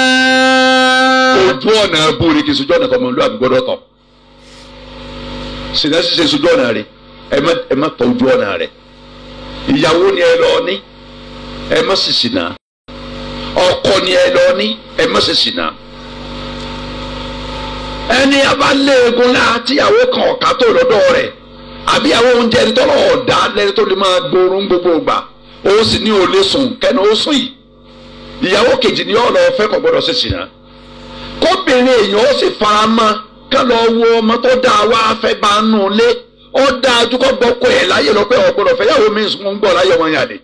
ojú ọ̀nà abúlé kì í sojú ọ̀nà tọmọ ìlú àbí gbọ́dọ̀ tọ̀ sinasi ṣe sojú ọ̀nà rẹ̀ ẹ má tọ̀ ojú ọ̀nà rẹ̀ ìyàwó ni ẹ lọ ní ẹ má sì ṣìnà ọkọ ni ẹ lọ ní ẹ má sì ṣìnà ẹni abálé egun náà tíyàwó kan ọ̀ká tó lọ́dọ̀ rẹ̀ àbí àwọn oúnjẹ ẹni tọ́lọ̀ ọ̀dá lẹni tó lè máa gbóòórùn gbogbo gbà ó sì ní olè sùn kẹ́ni ó sùn yìí ìyàwó kejì ni ọ̀rọ̀ ọ̀fẹ́ kò gbọ́dọ̀ ṣe ṣìnà kóbìnrin èèyàn ó sì fara mọ́ ká lọ wo ọmọ tó dáa wá fẹ́ bá nù lé ó dáa ju kọ́ gbọ́kọ ẹ̀ láyè lọ pé ọ̀gbọ́dọ̀ fẹ́ yàwó mi ń gbọ́ láyè wọn yàn lé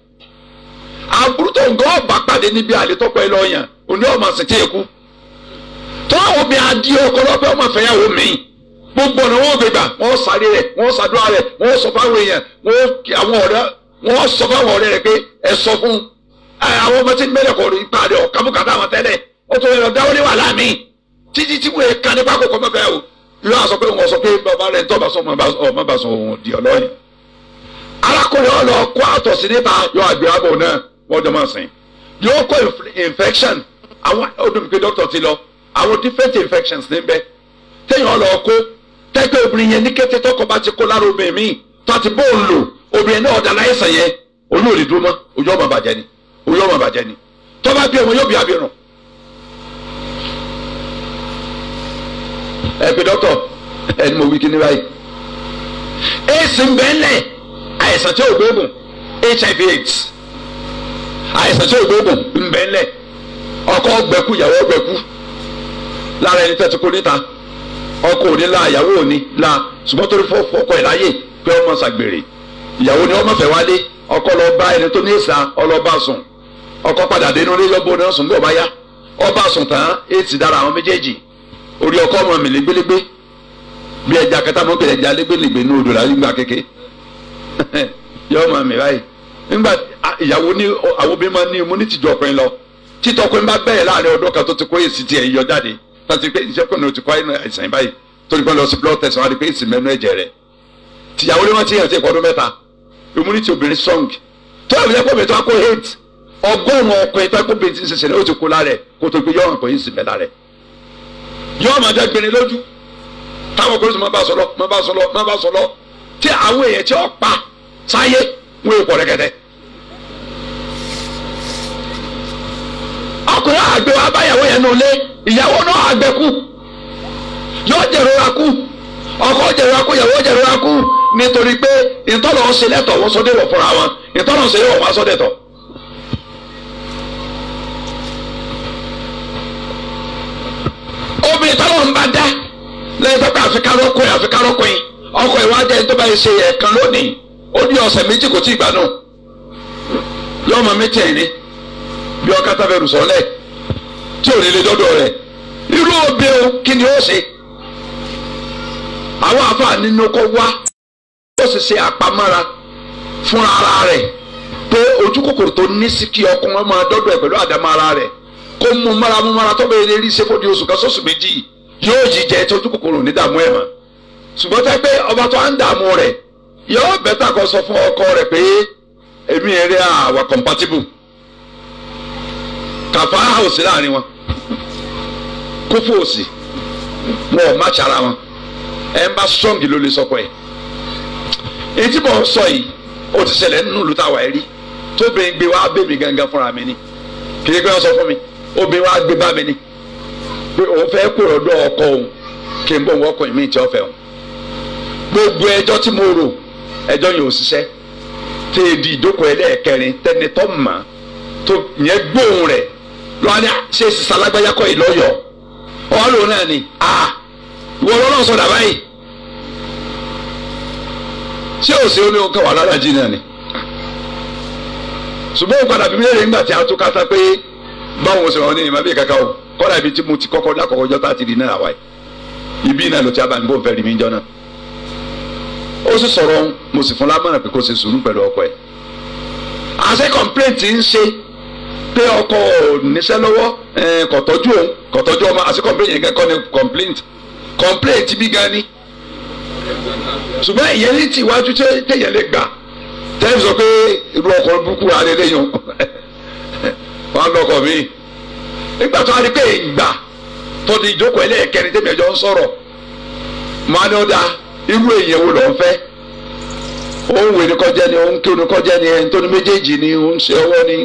àbúrútó nǹkan ọ̀bà pàdé níbi àlè tọ́pọ̀ ẹ lọ́yàn òní ọmọ sì tí ì tó àwọn obìnrin adìẹ ọkọ lọ́pẹ́ ọmọ fẹ́ yàwó mi-ín gbogbo ọ̀nà wọn ò gbégbà wọn ó sáré rẹ̀ wọn ó sàdúrà rẹ̀ wọn ó sọ fáwọn èèyàn wọn ó kí àwọn ọ̀rẹ́ wọn ó sọ fáwọn ọ̀rẹ́ rẹ̀ pé ẹ sọ fún àwọn ọmọ tí ń mẹ́lẹ̀ kọ̀ọ̀rọ̀ ipa rẹ̀ ọ̀kábùkátà àwọn tẹ́lẹ̀ ó tó yẹ lọ dáwọ́ ní wàhálà mi títí tí wọ́n kan nípa kòkó mọ́fẹ́ o lọ́wọ́ àsọ pé wọ́n sọ pé bàbá rẹ̀ tó bá sọ ọmọ bá sọ òun di ọlọ́yìn alákòrè ọ̀lọ́ kó àtọ̀ sí nípa yọ àgbéyàbọ̀ náà wọ́n jọ máa sìn yóò kó infection àwọn ọdún mi pé dókítà ti tẹ́gbẹ́ obìnrin yẹn ní kété tọkọ bá ti kó lára obìnrin míì tó ti bó ń lò obìnrin náà ọ̀dà láìsàn yẹn olú òde dúró mọ́ ojú ọmọ bàjẹ́ ni ojú ọmọ bàjẹ́ ni tó bá bí ọmọ yóò bí abirùn. ẹ pé dọ́tọ̀ ẹni mo wí kíní báyìí. èsì ń lẹ̀ àìsàn tí ò gbóògùn hiv aids àìsàn tí ò gbóògùn ń lẹ̀ ọkọ ọgbẹ́kú ìyàwó ọgbẹ́kú lára ẹni tẹ́tí níta. ọkọ òní la ìyàwó òní la ṣùgbọ́n torí fọkọ ẹ̀ láyè pé ọmọ ṣàgbèrè ìyàwó ni ọmọ fẹ́ wálé ọkọ lọ bá ẹni tó ní ìsà ọlọ́ba sùn ọkọ padà dé nílé yọ́bọ̀ náà sùn gbọ̀ bá yá ọba sùn tán èsì dára àwọn méjèèjì orí ọkọ ọmọ mi légbélégbé bí ẹja kẹta mọ́ kẹlẹ̀ ẹja légbélégbé ní odò láyé gbà kéke *laughs* yọ ọmọ mi báyìí nígbà ìyàwó ní àwọn obìnrin máa ní imú ní tìjọ ọkùnrin lọ títọ́ tàti pé ìjẹ́ kọ́ni o ti kọ́ inú ẹ̀sìn báyìí torí pé lọ sí blood test wọn á di pé ìsìn mẹ́nu ẹ̀jẹ̀ rẹ̀ tìyàwó lé wọn ti yàn sí ẹ̀kọ́ ọdún mẹ́ta immunity obìnrin strong tó àwọn ẹ̀kọ́ mi tó akó hate ọgọ́rùn-ún ọkùnrin tó akó bìnrin ti ṣẹṣẹ ó ti kú lára ẹ̀ kó tó gbé yọ ọ̀pọ̀ yìí sì mẹ́ lára ẹ̀ yọ ọmọ ajá gbìnrin lójú táwọn ọkùnrin tó máa bá sọlọ máa bá sọlọ máa bá ọkùnrin àgbẹ̀ wa báyàwó yẹn nù lé ìyàwó náà àgbẹ̀ kú yóò jẹ̀rora kú ọkọ jẹ̀rora kú ìyàwó jẹ̀rora kú nítorí pé ìtọ́lọ̀ ń ṣe lẹ́tọ̀ wọ́n sọdẹ̀ wọ̀ fúnra wọn ìtọ́lọ̀ ń ṣe lẹ́wọ̀ wọ́n sọdẹ̀ tọ̀. obìnrin tọ́lọ̀ ń bá dá lẹ́yìn tó pé àfikà rọ́kùnrin àfikà rọ́kùnrin ọkọ ìwádìí ẹni tó bá yẹ ṣe ẹ̀ẹ̀kan lónìí ó ní ọ̀sẹ̀ méjì kò tí ì gbà náà yọ̀ọ́ mọ̀ mí ní bí ọkà tá fẹ́ rùsọ̀ tí ò ní lè dọ́dọ̀ rẹ̀ irú obe o kí ni ó ṣe àwọn àfa nínú kọ wá ó sì ṣe àpamọ́ra fún ara rẹ̀ pé ojú kòkòrò tó ní sí kí ọkùnrin máa dọ́dọ̀ ẹ̀ pẹ̀lú àdámọ́ ara rẹ̀ kó mú mara mú mara tọ́bẹ̀ ilé rí sefo di oṣù kan sóṣù méjì yóò yí jẹ tọ́jú kòkòrò ní dààmú ẹ̀ mọ́ ṣùgbọ́n tẹ́ pé ọba tó ń dààmú rẹ̀ yóò bẹ́tà kó sọ fún ọkọ rẹ̀ pé èmi rẹ̀ àwà compatible kàfáà ò sí láàrin wọn kófò ò sí wọn ò má tsara wọn ẹ ń bá sọ́ǹgì ló lè sọ pé èyí tí mò ń sọ yìí ó ti ṣẹlẹ̀ nínú ìlú táwa ẹ̀ rí tóbìnrin gbé wá bèmí gangan fúnra mi ni kì í gbé sọ fún mi obìnrin wá gbé bá mi ni pé òun fẹ́ kó ọ̀dọ̀ ọkọ òun kí n bọ̀ wọ́n ọkọ mi tí ó òun gbogbo ẹjọ́ tí mo rò ẹjọ́ yìí ò ṣiṣẹ́ tèèdì ìjókòó ẹlẹ́ẹ̀kẹrin tẹnitọ́ mọ̀ tó yẹn gbóhùn rẹ̀ lọ́ọ̀dà ṣe sísá lágbájá kọ́ ìlọ́yọ̀ ọ̀ọ́lù náà ni à wọ lọ́nà sọ̀dà báyìí ṣé ò sí omi òǹkà wà lálàjì náà ni ṣùgbọ́n padà bí mílíọ̀nù nígbà tí a tún kátá pé báwo mo sì wọ́n ní ìmọ̀ bí kankan o kọ́dà ibi tí mo ti kọ́kọ́ dá kọ́kọ́ jọ́ta ti di náà wáyé ibi náà ló ti abá níbo nfẹ́ rí mi jọ náà ó sì sọ̀rọ̀ mo sì fún lámọ̀ràn pé kó ṣe sùúrù pẹ̀lú ọkọ ẹ̀ àṣẹ kọ̀ǹpléǹtì ń ṣe pé ọkọ níṣẹ́ lọ́wọ́ eh, kò tọ́jú òun kò tọ́jú ọmọ àti complaint yẹn kọ́ ni complaint complaint bí gan ni ṣùgbọ́n ìyẹn ní tí iwájú téèyàn lè gbà tẹ́lẹ̀ sọ pé irú ọkọ̀ burúkú wa lè léyìn *laughs* wọn lọkọ̀ mi nígbà tó a rí pé ìgbà tó di ìjókòó ẹlẹ́ẹ̀kẹrin tẹ́mi ẹjọ́ ń sọ̀rọ̀ máa ní ó irú èèyàn wo fẹ́ òun kọjá ni òun kí òun kọjá ni ẹni tó ní méjèèjì ni òun ṣe ọwọ́ ni.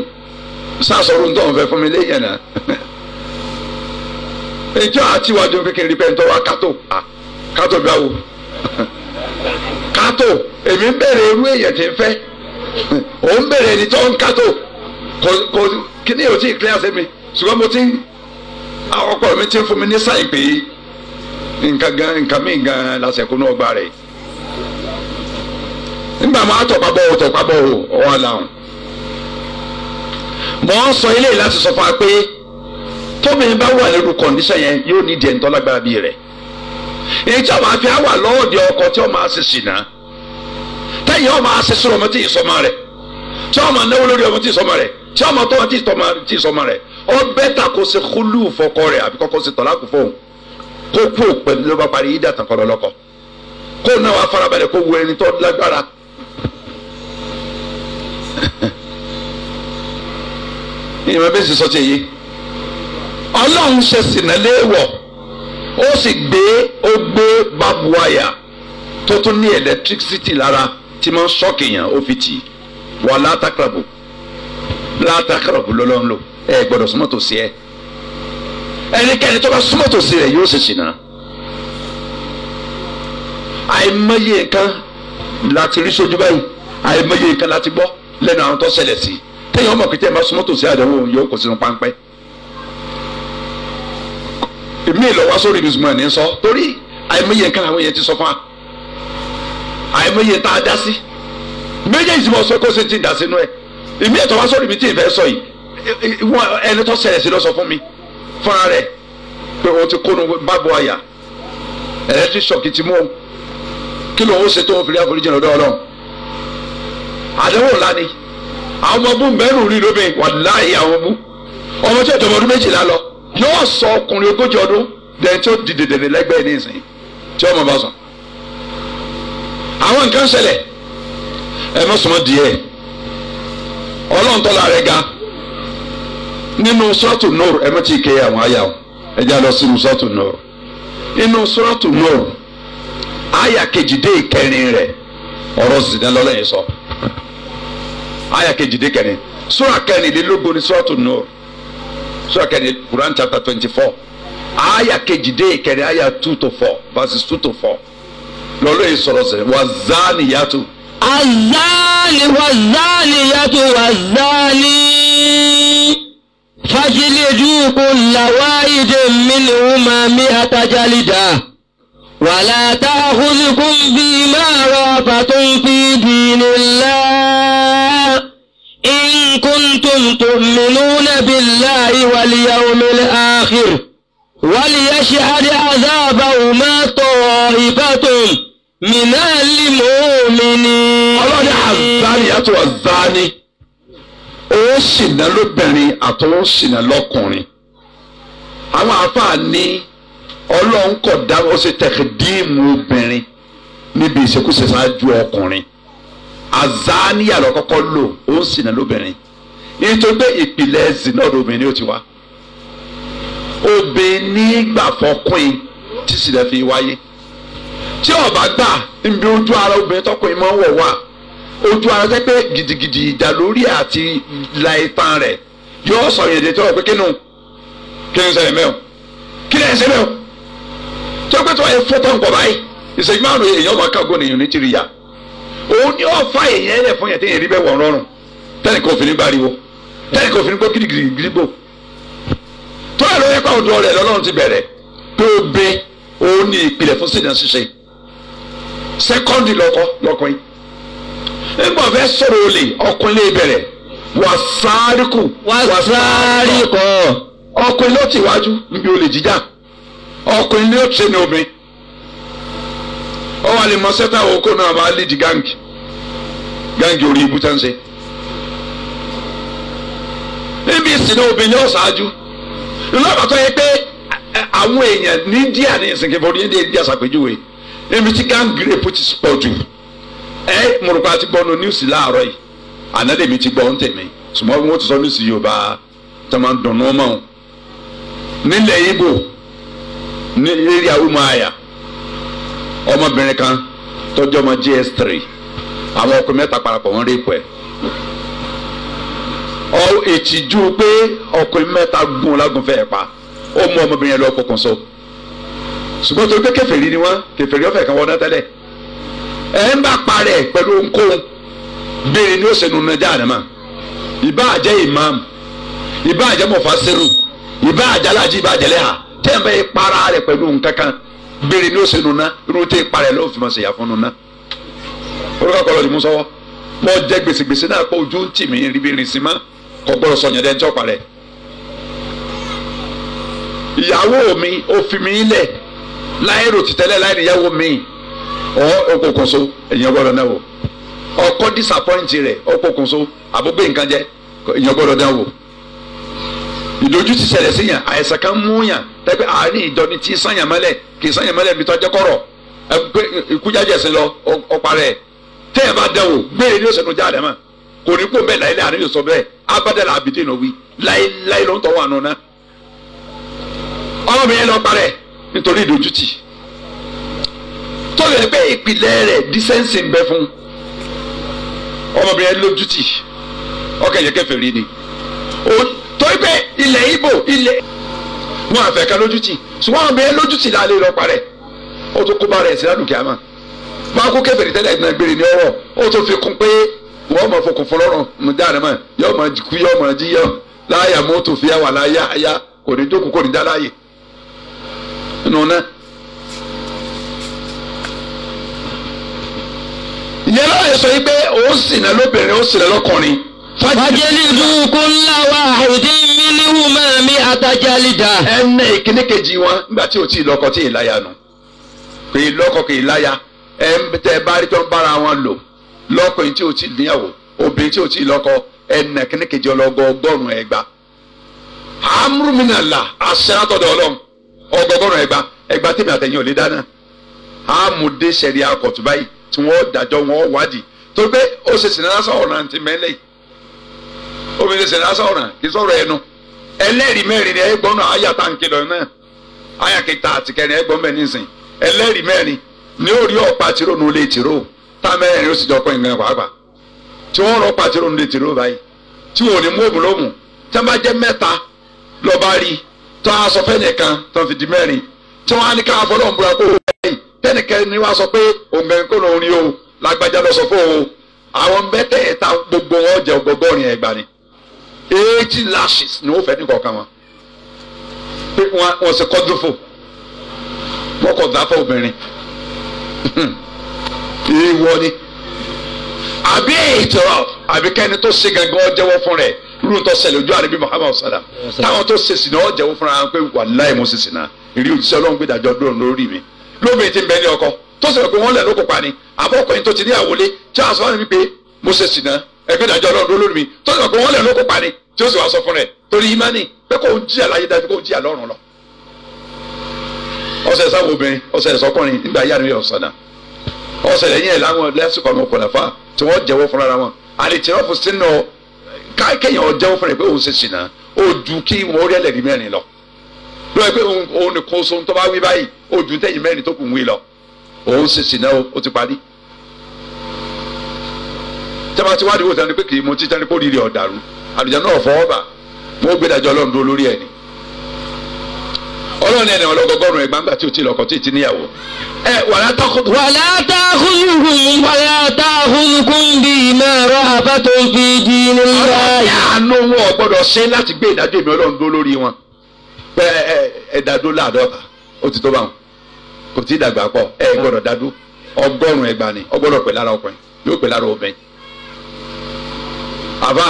sásọ̀rọ̀ ń tọ̀hún fẹ́ fún mi léyìn náà ìjọ àtiwájú kékeré pé ń tọ́ wa kátó kátó bí awo kátó èmi ń bèrè irú èèyàn tí ń fẹ́ òun ń bèrè ẹni tó ń kátó kò kò kí ni yóò ti clear sí mi ṣùgbọ́n mo ti ń ọkọ mi ti ń fún mi ní sáyìn pé nǹkan gan nǹkan mí gan lásìkò náà gbà rẹ̀ nígbà máa tọ̀pá bọ̀ wò tọ̀pá bọ̀ wò ọ̀hún àlàhùn mọ̀ ń sọ eléyìí láti sọ fún wa pé tóbìnrin bá wà nínú kọ̀ǹdíṣàn yẹn yóò ní ìdíyẹn tọ́lágbára bíi rẹ̀ èyí tí ọmọ àfi àwà lọ́wọ́ di ọkọ tí ọmọ àṣẹ ṣìnà tẹ́yìn ọmọ àṣẹ sọ̀rọ̀ ọmọ tí ì sọmọ rẹ̀ tí ọmọ náwó lórí ọmọ tí ì sọmọ rẹ̀ tí ọmọ tó wọn tí ì sọmọ rẹ̀ ọ bẹ́tà kó ṣe kúlù fọkọ rẹ̀ àbí kọ́kọ́ ṣe tọ́lákù fóun kó kú pẹ̀lú ló bá parí yídà tán kọ́ lọ́kọ kó náà wàá farabalẹ̀ kó wo ẹni tó lágbára *laughs* ìyẹn bẹ́ẹ̀ sì sọ ti yé ọlọ́run ṣe sìnà léèwọ̀ ó sì gbé ó gbé bábu wáyà tó tún ní ẹlẹtírísítì lára tí máa ń ṣọ́ọ̀kì yàn ó fi tì wà látàkàràbù látàkàràbù lọ́lọ́run lò ẹ gbọ́dọ̀ súnmọ́ tòsí ẹ ẹnikẹ́ni tó bá súnmọ́ tòsí rẹ̀ yóò ṣe sìnà àìmọye nǹkan láti rí sójú báyìí àìmọye nǹkan láti gbọ́ lẹ́nu àwọn tó ṣẹlẹ̀ sí i téèyàn mọ̀ pété ẹ̀ máa súnmọ́ tòsí àdánwò yóò kó sínú páńpẹ́ èmi ìlọ́wọ́ sórí ìbísùnmọ́ ẹ̀ ní sọ torí àìmọye nǹkan àwọn èèyàn ti sọ fún wa àìmọye tá a dá sí méjèèjì mọ̀ sọ kó sì ti dà sínú ẹ̀ èmi ẹ̀tọ́ wá sórí ibi tí ìfẹ́ sọ yìí ẹni tó ṣẹlẹ̀ sí lọ sọ fún mi fúnra rẹ̀ pé o ti kónu bábo àyà electric shock ti mú o kí lóun ó ṣe tó o fi rí àforíjì lọ́dọ̀ ọlọ́run àdánwò ńlá ni. àwọn ọmọ bú mẹ́rù rí lómi wàláhì àwọn ọmọ tí ọdún méjìlá lọ yóò sọ ọkùnrin ogójì ọdún dẹ̀ tí lẹ́gbẹ̀ẹ́ ní ìsìn tí ọmọ bá sàn. àwọn nǹkan ṣẹlẹ̀ ẹ mọ̀ díẹ̀ ọlọ́run tọ́lá ga nínú sọ́ọ̀tù ẹ mọ̀ tí kéye sọ. àyà kejìdínlẹ́kẹ̀rin sura kẹrìnlélógún ni suratu nur sura kẹrìnlélógún Quran chapter twenty four àyà kejìdínlẹ́kẹ̀rin àyà two to four verses two to four lọ́lọ́ yìí sọ̀rọ̀ sẹ́yìn yatu. záàni yàtò. azaani wa zaani yàtò wa zaani fajilidu kulla wahidin minhuma mi'ata jalida. ولا تأخذكم بما رافة في دين الله إن كنتم تؤمنون بالله واليوم الآخر وليشهد عذابهما طائفة من المؤمنين ọlọ́ni àzáni àti àzáni ó ṣìnà lóbìnrin àti ó ṣìnà lọ́kùnrin àwọn àáfàá ní ọlọ́run kọ̀ dá ó ṣe tẹ̀kídìmù obìnrin níbi ìṣekúṣe ṣáájú ọkùnrin azaniya lọ kọ́kọ́ lò ó ń sìnà lóbìnrin nítorí pé ìpìlẹ̀ ẹ̀sìn náà lóbìnrin ó ti wá obìnrin nígbà fọkùnrin tí sìnà fi wáyé tí ọba gbà níbi ojú ara obìnrin tọkùnrin máa ń wọ̀ wá ojú ara jẹ́ pé gidigidi ìjà lórí àti la ipa rẹ̀ yóò sọ yẹn dé tọrọ pé kínú kí ni sẹ́yìn mẹ́wọ̀ kí ni ẹ̀sẹ̀ mẹ́wọ̀ tí wọ́n pẹ́ tó ẹ̀ fọ́tọ̀ ń pọ̀ báyìí ìṣèjú márùn-ún èèyàn máa kágọ́ nìyẹn ní tìrìyà òun ni ó fa èèyàn ẹ̀yẹ fún yẹn téèyàn rí bẹ́ẹ̀ wọ̀ rọrùn tẹ́lẹ̀ kò fi ní bariwo tẹ́lẹ̀ kò fi ní gbó gírígírí gírígbò tó ẹ̀rọ yẹ kó ọ̀dọ̀ rẹ̀ lọ́lọ́run ti bẹ̀rẹ̀ pé ó bẹ òun ní ìpìlẹ̀ fún sínú ṣíṣe sẹ́kọ́ndì lọ́kọ́ lọ́kùnrin nígbà fẹ́ sọ̀rọ̀ olè ọkùnrin lè bẹ̀rẹ̀ wà sáárìkù wà sáárìkù ọkùnrin ló ti wájú níbi olè jíjà ọkùnrin ló ti ní obìnrin ọwọ́ àlè mọ́sẹ́tà òkú náà bá lè di gáǹgì gáǹgì orí ibú tẹ́ǹsẹ̀ níbi ìsìn náà obìnrin ọ̀ṣáájú lọ́dọ̀ tó yẹ pé àwọn èèyàn ní díà ní ìsìnkè fún orílẹ̀ èdè àṣàpèjúwe níbi tí gáǹgì rèpù ti pọ̀ jù ẹ mọ̀rùpá ti gbọ́ nu níwùsì láàárọ̀ yìí ànádẹ́mi ti gbọ́ ń tẹ̀mí ṣùgbọ́n wọ́n ti sọ níwùsì Yorùbá tó máa ń dùnnú mọ́ ọ́n nílẹ̀ Ìgbò ní eré àwọn ọmọ àyà ọmọbìnrin kan tọ́jú ọmọ JS3 àwọn ọkọ mẹ́ta parapọ̀ wọ́n rí ipò ẹ̀ ọ ètìjú pé ọkùnrin mẹ́ta gun lágun fẹ́ẹ̀ pa ó mú ọmọbìnrin yẹn lọ ọkọ̀ kan so ṣùgbọ́n torí pé kèfèrí ni wọ́n kèfèrí ọ̀fẹ́ kan wọ́n dá tẹ́lẹ̀ ẹ̀ ń bá parẹ́ pẹ̀lú ohunkóhun bẹ́ẹ̀ ni ó ṣe nùnà jáàdámà ìbá àjẹ́ imam ìbá àjẹ́ mọ̀fásírù ìbá àjẹ́ alájí ìbá àjẹ́ lẹ́hà tẹ́ ń bẹ́ẹ̀ para rẹ̀ pẹ̀lú nǹkan kan bẹ́ẹ̀ ni ó ṣe nùnà irú tẹ́ para rẹ̀ ló fi mọ̀ ṣèyà fún nùnà orúkọ kọlọ ni mo sọwọ mo jẹ gbèsègbèsè náà pé ojú ń tì mí ribirin sí mọ kò gbọ́dọ̀ sọ yẹn dẹńtọ parẹ ìyàwó mi ó fi mí lẹ láì rò títẹlẹ láì níyàwó mi ọ okòkòso èyàn gbọ́dọ̀ náà wò ọkọ disappoint rẹ okòkòso àbúgbé nǹkan jẹ èyàn gbọ́dọ̀ náà wò ìdójú ti ṣẹlẹ̀ sí yàn àìsàn kan mú yàn tẹ́gbẹ́ àárín ìdọ́ni tí sànyàmọ́lẹ̀ kì í sànyàmọ́lẹ̀ bí tọ́jẹ́ kọ̀rọ̀ ikú jájẹsìn lọ ọ̀parẹ́ tẹ́ ẹ bá dẹ̀ wò gbére ní oṣù tó jáde mọ́ kò ní kó bẹ́ẹ̀ láyé àná yóò sọ bẹ́ẹ̀ abadá la abidin náà wí láyé láyé ló ń tọ́ wà nù náà ọlọ́run yẹn lọ parẹ́ nítorí ìdójútì tó yẹ pé ìpìlẹ̀ rẹ̀ dísẹ́ǹsì ń bẹ fún ọmọbìnrin yẹn lójútì ọkẹ yẹn kẹfẹ rí ni torí pé ilẹ̀ ibo ilẹ̀ wọn àfẹ́ kan lójútì ṣùgbọ́n ọmọbìnrin yẹn lójútì láàlẹ́ lọ parẹ́ ó tó kó bá rẹ̀ sí ládùúgbò àmà. máa kú kébèrè tẹ́lẹ̀ náà gbèrè ní ọwọ́ tó fi kún pé wọ́n máa fokùn fún lọ́rùn nígbàdàn mọ́ yọọ máa kú yóò máa jí fi wà láyà àyà kò ní jókòó ní dá láàyè nínú náà. ìyẹn láàyè sọ yìí pé lóbìnrin lọ́kùnrin. wa mi kejì wọn nígbà o ti lọ́kọ tí ì láyà nù ẹ tẹ bá rí tó ń bára wọn lò lọ́kùnrin tí o ti níyàwó obìnrin tí o ti lọ́kọ ẹnà kínníkejì ọlọ́gọ ọgọ́rùn ẹgbà amúrúmínàlà aṣẹ́nàtọ̀dọ̀ ọlọ́run ọgọgọ́rùn ẹgbà ẹgbà tèmi àtẹ̀yìn ò lè dáná àmúdé sẹ̀rí akọ̀tù báyìí tí wọ́n dájọ́ wọn wádìí tó gbé ó ṣe sìnà lásán ọ̀ràn àti mẹ́lẹ̀ obìnrin sìnà lásán ọ̀ràn kì í sọ̀rọ̀ ẹnu ẹlẹ́rìí mẹ́rin ẹgbọ́n náà àyà táǹkì lọ náà àyà kẹta àtìkẹrin ẹgbọ́n mẹ́rin sìn ẹlẹ́rìí mẹ́rin ní orí ọ̀pá tìró nu lè tìró támẹ́rin ó sì jọ pẹ́ nǹkan pàápàá tí wọ́n rọ ọ̀pá tìró nu lè tìró báyìí tí wọn ò ní mú òmù lómù tí wọ́n bá jẹ́ mẹ́ta lọ́ba rí tó a sọ fẹ́ nìkan tó fi di mẹ́rin tí wọ́n á ní káwọn fọlọ́ ọ̀nbùra kó o bẹ́yìn tẹ́nìkẹ́ ni wọ́n á sọ pé òǹgbẹ̀rin kò lóun ni o lágbájá lọ sọ fún o àwọn mẹ́tẹ̀ẹ̀ta gbogbo wọn jẹ ọgọgọ́rin ẹgbà ni eighty wọ́n kọ̀ dáfọ́ obìnrin èèwọ̀ hmm. ni àbí ìtọ̀rọ̀ àbí kẹ́ni tó ṣe gangan jẹ́wọ́ fún rẹ̀ irú tó ṣẹlẹ̀ ojú àrẹ́bí muhammadu sallam táwọn tó ṣe sìnà ọ̀jẹ̀wọ́ fúnra wọn pé wàláì mo ṣe sìnà ìrí òjíṣẹ́ ọlọ́run gbé dàjọ́ dúró lórí mi lómi ti ń bẹ ní ọkọ tó ṣẹlẹ̀ pé wọ́n lẹ̀ ló kó ni àbọ̀kọ̀yìn tó ti ní àwọlé tí a sọ wípé mo ṣe sìnà ẹgbẹ́ dàjọ́ ọlọ́run lórí mi tó ṣẹlẹ̀ pé wọ́n lẹ̀ ló kó pa ni tí ó sì wá sọ fún rẹ̀ torí imani pé kò ń jìyà láyé dájú kò ń jìyà lọ́run lọ ọsẹ sáwọn obìnrin ọsẹ sọkùnrin nígbà yára yọ ọsàdà ọsẹ lẹ́yìn ẹ láwọn lásìkò àwọn kọlàfà tí wọn jẹ́wọ́ fúnra ra wọn àlètìrọfù sínú káàkéèyàn jẹ́wọ́ fúnra pé òun ṣe ṣìnà ó ju kí wọn ó rẹlẹ rí mẹ́rin lọ lọ pé òun nìkan so tó bá wí báyìí ó ju tẹ̀yìn mẹ́rin tó kù wí lọ òun ṣe ṣìnà ó ti parí tẹ́lá tí wádìí wò tán ni pé kì í mu títí tán ni kó rírì ọ̀dàrú àlùjá náà fọwọ́ bà wọ́n gbé dájọ́ ọlọ́run dúró lórí ẹ̀ ni ọlọ́run ẹ̀rẹ̀ wọn lọ́gọ́gọ́rùn ẹ̀gbá ńgbà tí o ti lọ́kọ̀ tí ì ti níyàwó. ẹ wàlá tákùn. wàlá tákùnkùn wàlá tákùnkùn bí mẹ́rọ àbátò fi di nílá. ọlọ́run àánú wọn gbọ́dọ̀ ṣe láti gbé ìdájọ́ èmi ọlọ́run dó lórí wọn. ẹ ẹ ẹ dàdó láàdọ́ta ó ti tó bá wọn kò tí ì dàgbà pọ̀ ẹ gbọ́dọ̀ dàdó ọgọ́rùn ẹgbàá ni ọgbọ́dọ̀ pè lára ọkùnrin yóò pè lára obìnrin. àbá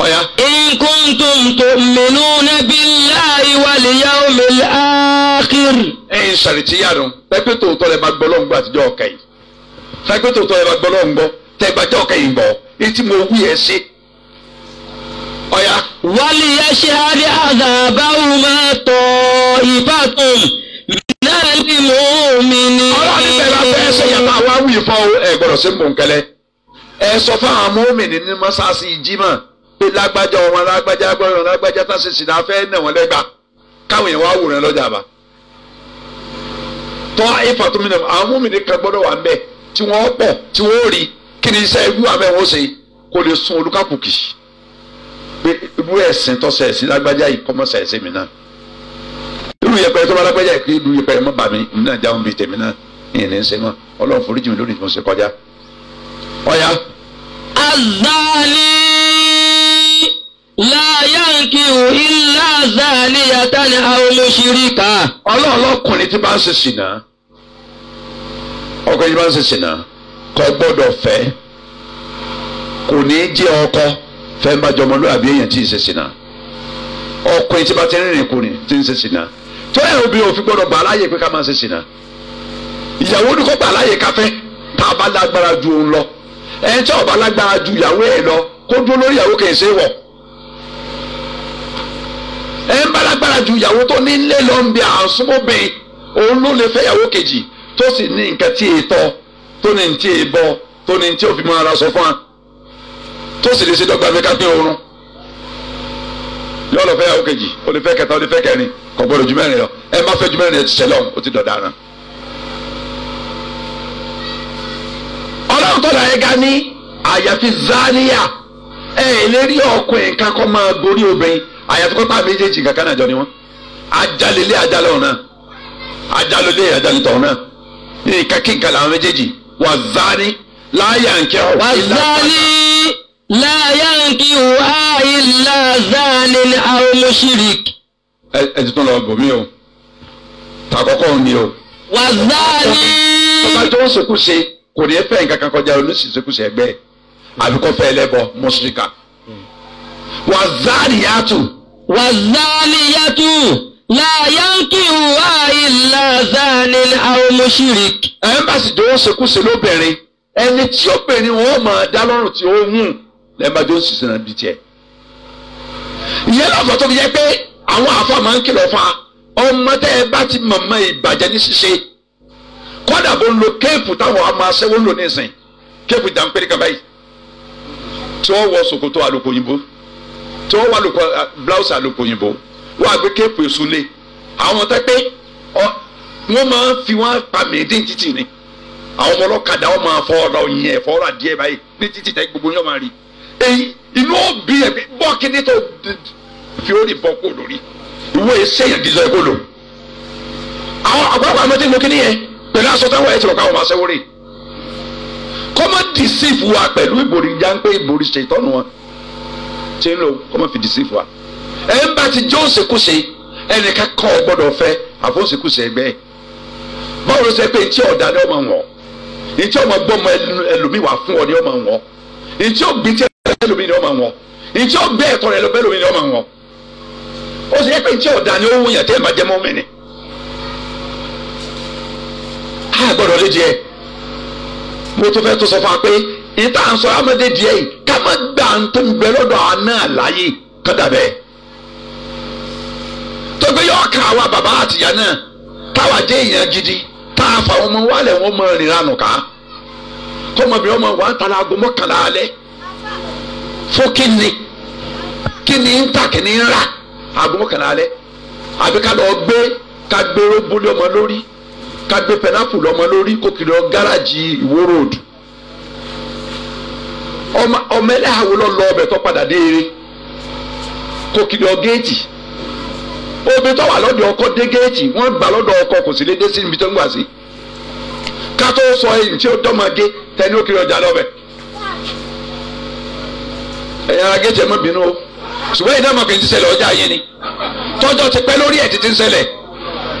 إن كنتم تؤمنون بالله واليوم الآخر. ẹ̀yin sàrìtìyàrún pẹ́pẹ́ tòótọ́ rẹ̀ máa gbọ́ lọ́hùn gbọ́ àtijọ́ ọ̀kẹ́ yìí pẹ́pẹ́ tòótọ́ rẹ̀ máa gbọ́ lọ́hùn gbọ́ tẹ́gbàjọ́ ọ̀kẹ́ yìí gbọ́ etí mo wí ẹ sí. wálé ṣe àdé àdàbáwò máa tọ̀ ìbátan náà ni mò ń mi ni. ọlọ́run ní bẹ́ẹ̀ bá fẹ́ ṣe yàtọ̀ wí fọ́ ẹ̀ gbọ́dọ̀ sí mòǹkẹ́lẹ́ ẹ sọ fún àwọn mọ́mìnì ní mọ́sáàsì jimá pé lágbájá ọmọ lágbájá gbọ́dọ̀ lágbájá tá a ṣe sì náà fẹ́ nà wọ́n lẹ́gbàá káwọn èèyàn wá wòran lọ́jà bá tọ́ ifá tó mi nà àwọn múmìnir kan gbọ́dọ̀ wà mbẹ́ tí wọ́n pọ̀ tí wọ́n rí kí ni iṣẹ́ irú àmọ́ ẹ̀wọ̀n ṣe kó lè sun olùkàkùkì pé irú ẹ̀sìn tó ẹ̀sìn lágbájá yìí kọ́mọ́ ẹ̀sìn mi náà irú yẹpẹrẹ tó bá lágbájá yìí pé irú yẹpẹrẹ azali. láyáǹkì ìlà zàníyàtà ni àwọn olóṣèríkà. ọlọ́run lọ́kùnrin tí bá ń ṣe ṣìnà ọkùnrin tí bá ń ṣe ṣìnà kọ gbọ́dọ̀ fẹ́ kò ní ọkọ fẹ́ má jọmọ lóàbí èèyàn tí ń ṣe ṣìnà ọkùnrin tí bá ti rìnrìn kùnrin tí ń ṣe ṣìnà tó ẹ̀ obìnrin gbọ́dọ̀ gbà láàyè pé ká máa ṣe ṣìnà ìyàwó ni kò gbà láàyè káfẹ́ tá a ju òun lọ ẹ ń balagbara ju ìyàwó tó ní lé lọ ń bi àsúnmọ́bìn òun ló lè fẹ́ ìyàwó kejì tó sì ní nǹkan tí è tọ́ tó ní ní tí è bọ́ tó ní ní tí òfin máa ra sọ fún wa tó sì lè ṣe dọ́gba mi ká pín oorun yóò lọ fẹ́ ìyàwó kejì ó lè fẹ́ kẹta ó lè fẹ́ kẹrin kò gbọdọ̀ ju mẹ́rin lọ ẹ má fẹ́ ju mẹ́rin ẹ ti ṣẹlẹ̀ ọ̀hún ó ti dọ̀dà rán. ọlọ́run tọ́lá ẹ̀ ga ní àyàfi zaniya ẹ̀ lérí ọkùnrin kakọ́ máa gorí obìnrin àyàtúkọ́pá méjèèjì kankan náà jọ ni wọ́n ajalele ajalẹ ọ̀nà ajalele ajalẹtọ̀ ọ̀nà nǹkan kí nǹkan làwọn méjèèjì wà zani láyà nkẹ́ ọ̀ ilà zani láyà nkí wà zani aw mushrik. ẹ ẹ ti tún lọ bò mí o tàkọ́kọ́ ni o. wà zani. bàbá tó ń sèkú ṣe kò ní fẹ́ nǹkan kan kọjá oníṣìṣẹ́kù ṣẹ́gbẹ́ àbíkọ́ fẹ́ lẹ́bọ̀ mọ́ṣíríkà wàzálìyàtù. wàzálìyàtù láyáǹkì wà ilà zanil àwòmọ́sírìk. ẹ̀ẹ́mbàsì tó ń ṣekúṣe lóbìnrin ẹni tí ó pè ní wọn ó máa dá lọ́rùn tí ó hùn lẹ́ẹ̀mbàjọ ń ṣiṣẹ́ náà bí tiẹ̀. ìyẹn lọ́fọ̀ tó fi jẹ́ pé àwọn àfa máa ń kìlọ̀ fún wa ọmọ tẹ́ ẹ bá ti mọ̀mọ́ ìbàjẹ́ ní ṣíṣe kọ́dà bó ń lo kéèpù táwọn ọmọ aṣẹ́wó ń lò ní ìsìn kéèpù ìdánpẹ́rẹ́ kan báyìí tí wọ́n wọ ṣòkòtò àlòkò òyìnbó tí wọ́n wà lóko uh, blouse àlòkò òyìnbó wọ́n àgbẹ̀ kéèpù èsúlé àwọn tẹ́ pé wọ́n máa ń fi wọ́n pa mèédé títì ni àwọn ọmọ ọlọ́kadà wọ́n máa fọ́ ọ̀rọ̀ yẹn ẹ̀fọ́ ọ̀rọ̀ adìẹ báyìí ní títì tẹ́ gbogbo yẹn máa rí èyí inú òbí ẹ̀ bọ́ọ̀kì ní tó fi ó rí bọ́ọ̀kù lórí ìwé sẹ́yìn gíga ẹ̀kọ́ lò àwọn àgbàlagbà amẹ́tẹ́ lókè nìyẹn pẹ̀lú aṣọ táwọn ẹ̀ ti rọ̀ káwọn máa ṣẹ́wó rè kọ́mọ́ dìsífù wa pẹ̀lú ìbòrí jáńpé ìbòrí ṣètọ́nù wọn tí ń lò kọ́mọ́ fi dìsí fún wa. ẹ ń bá ti jẹ́ òsèkúsè ẹnìkan kọ́ ọ gbọ́dọ̀ fẹ́ àfọ́sèkúsè ẹgbẹ́ ẹ̀ báwo ló ṣe pé ntí ọ̀dà ni ọmọ wọn ntí ọmọ gbọ́mọ ẹlòmíì wà fún ọ ni ọmọ wọn ntí ọgbìn tí ẹlòmíì ni ọmọ wọn ntí ọgbẹ́ ẹ̀tọ́ rẹ ẹlòmíì ni ọmọ wọn ó sì yẹ pé ntí ọ̀dà ni ó wúyàn tẹ́ ẹ̀ máa jẹ́ mọ́ mẹ́ni a gbọ́dọ̀ lé jẹ́ mo tún fẹ́ tó sọ fún wa pé ìta à ń sọ amadi díẹ̀ yìí ká má gbà ọdọ tó àná àlàyé kọ́dà bẹ́ẹ̀ tó yọ ọkàn wa bàbá àtìyá náà táwa gidi tá fa ọmọ wálẹ̀ wọn mọ rìnrìn ka. ká ọmọ wa ń tara aago mọ́kànlá fún kíni kíni ń tà kíni ń rà aago mọ́kànlá alẹ́ àbí ká lọ gbé ká gbé rógbólé ọmọ lórí ká gbé pẹnápù ọ gáràjì ìwó ròdù ọmọ ẹlẹ́hàwó lọ lọ ọbẹ̀ tó padà dé eré kò kìlọ̀ géètì obìnrin tó wà lọ́dọ̀ ọkọ dé géètì gbà ọkọ kò sí lè dé sí ibi tó ń gbà sí sọ ẹyìn tí ó dọ́mọdé tẹni ó kiri ọjà lọ́bẹ̀ bínú o ọjà ni tọ́jọ́ ti pẹ́ lórí ẹ̀ ti ti ń ṣẹlẹ̀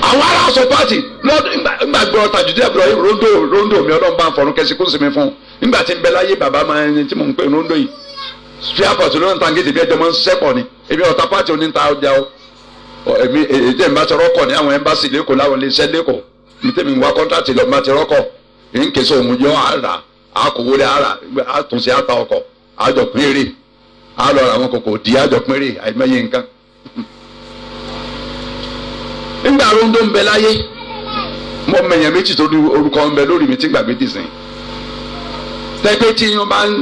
àwọn ará sọ pàtì lọ́dún ìgbàgbọ́ rondo rondo mi ọlọ́run bá ń fọ̀rún fún nígbà tí ń bẹ láyé bàbá máa ń tí mò ń pè ní ondo yìí fi àpọ̀tù ló ń ta bí ẹjọ́ máa ń sẹ́pọ̀ ni èmi ọ̀tá pàtì òní ta ọjà o èmi èdè ìmọ̀ àti rọ́kọ̀ ní àwọn ya lẹ́kọ̀ọ́ láwọn iléeṣẹ́ lẹ́kọ̀ọ́ wá kọ́ńtàtì lọ rọ́kọ̀ ń kèso òun yọ àrà àrà àtúnṣe ọkọ̀ àlọ́ àwọn kòkò àìmọye nǹkan. rondo ń bẹ láyé méjì tó orúkọ ń bẹ lórí mi tí gbàgbé tẹ́gbẹ́ tí yín bá ń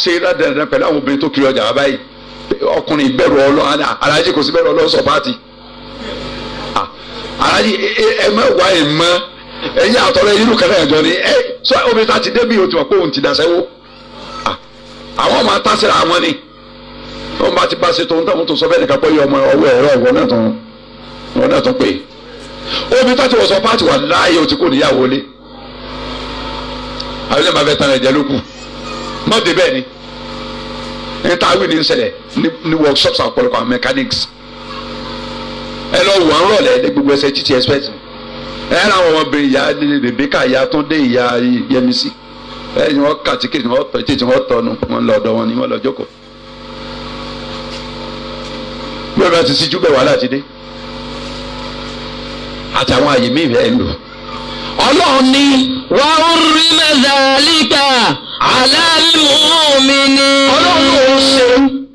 ṣe dáadáa pẹ̀lú àwọn obìnrin tó kiri ọjà wá báyìí ọkùnrin bẹ̀rù ọlọ́run alájí kò sí bẹ̀rù ọlọ́run sọ pàtì alájí ẹ mọ ìwà ẹ mọ ẹ̀yin àtọrẹ irú kẹlẹ ẹjọ ni ẹ sọ omi ta ti débi òtún ọpọ òun ti dà sẹwọ àwọn ọmọ atásẹrẹ àwọn ni wọn bá ti bá ṣe tòun táwọn tó sọ bẹ́ẹ̀ nìkan pé ọmọ ọwọ́ ẹ̀rọ ọwọ́ náà tán wọn náà tán pé omi tá ti wọ sọ pàtì wà láàyè òtún kò níyàwó lé àwọn ìjọba fẹ́ tán ẹ̀jẹ̀ ló kù má dé bẹ́ẹ̀ ni ní táwí ní ṣẹlẹ̀ ní workshops ọ̀pọ̀lọpọ̀ àwọn mechanics ẹ lọ wò á ń rọ̀lẹ́ ní gbogbo ẹsẹ̀ títí expect ẹ ẹ làwọn ọmọbìnrin ìyá rèbíkà ìyá tó dé ìyá yẹmísí ẹ ní wọn kà tíkì ní wọn tọ títí wọn tọnu wọn lọ ọ̀dọ̀ wọn ni wọn lọ jókòó bí wọn bá ti ṣíjú bẹ wàhálà ti dé àtàwọn àyè míì bẹ́ẹ̀ lò ọlọ́run ní. wà á rí mẹ́sàlíkà aláìmọ́mí ọlọ́run ló ṣe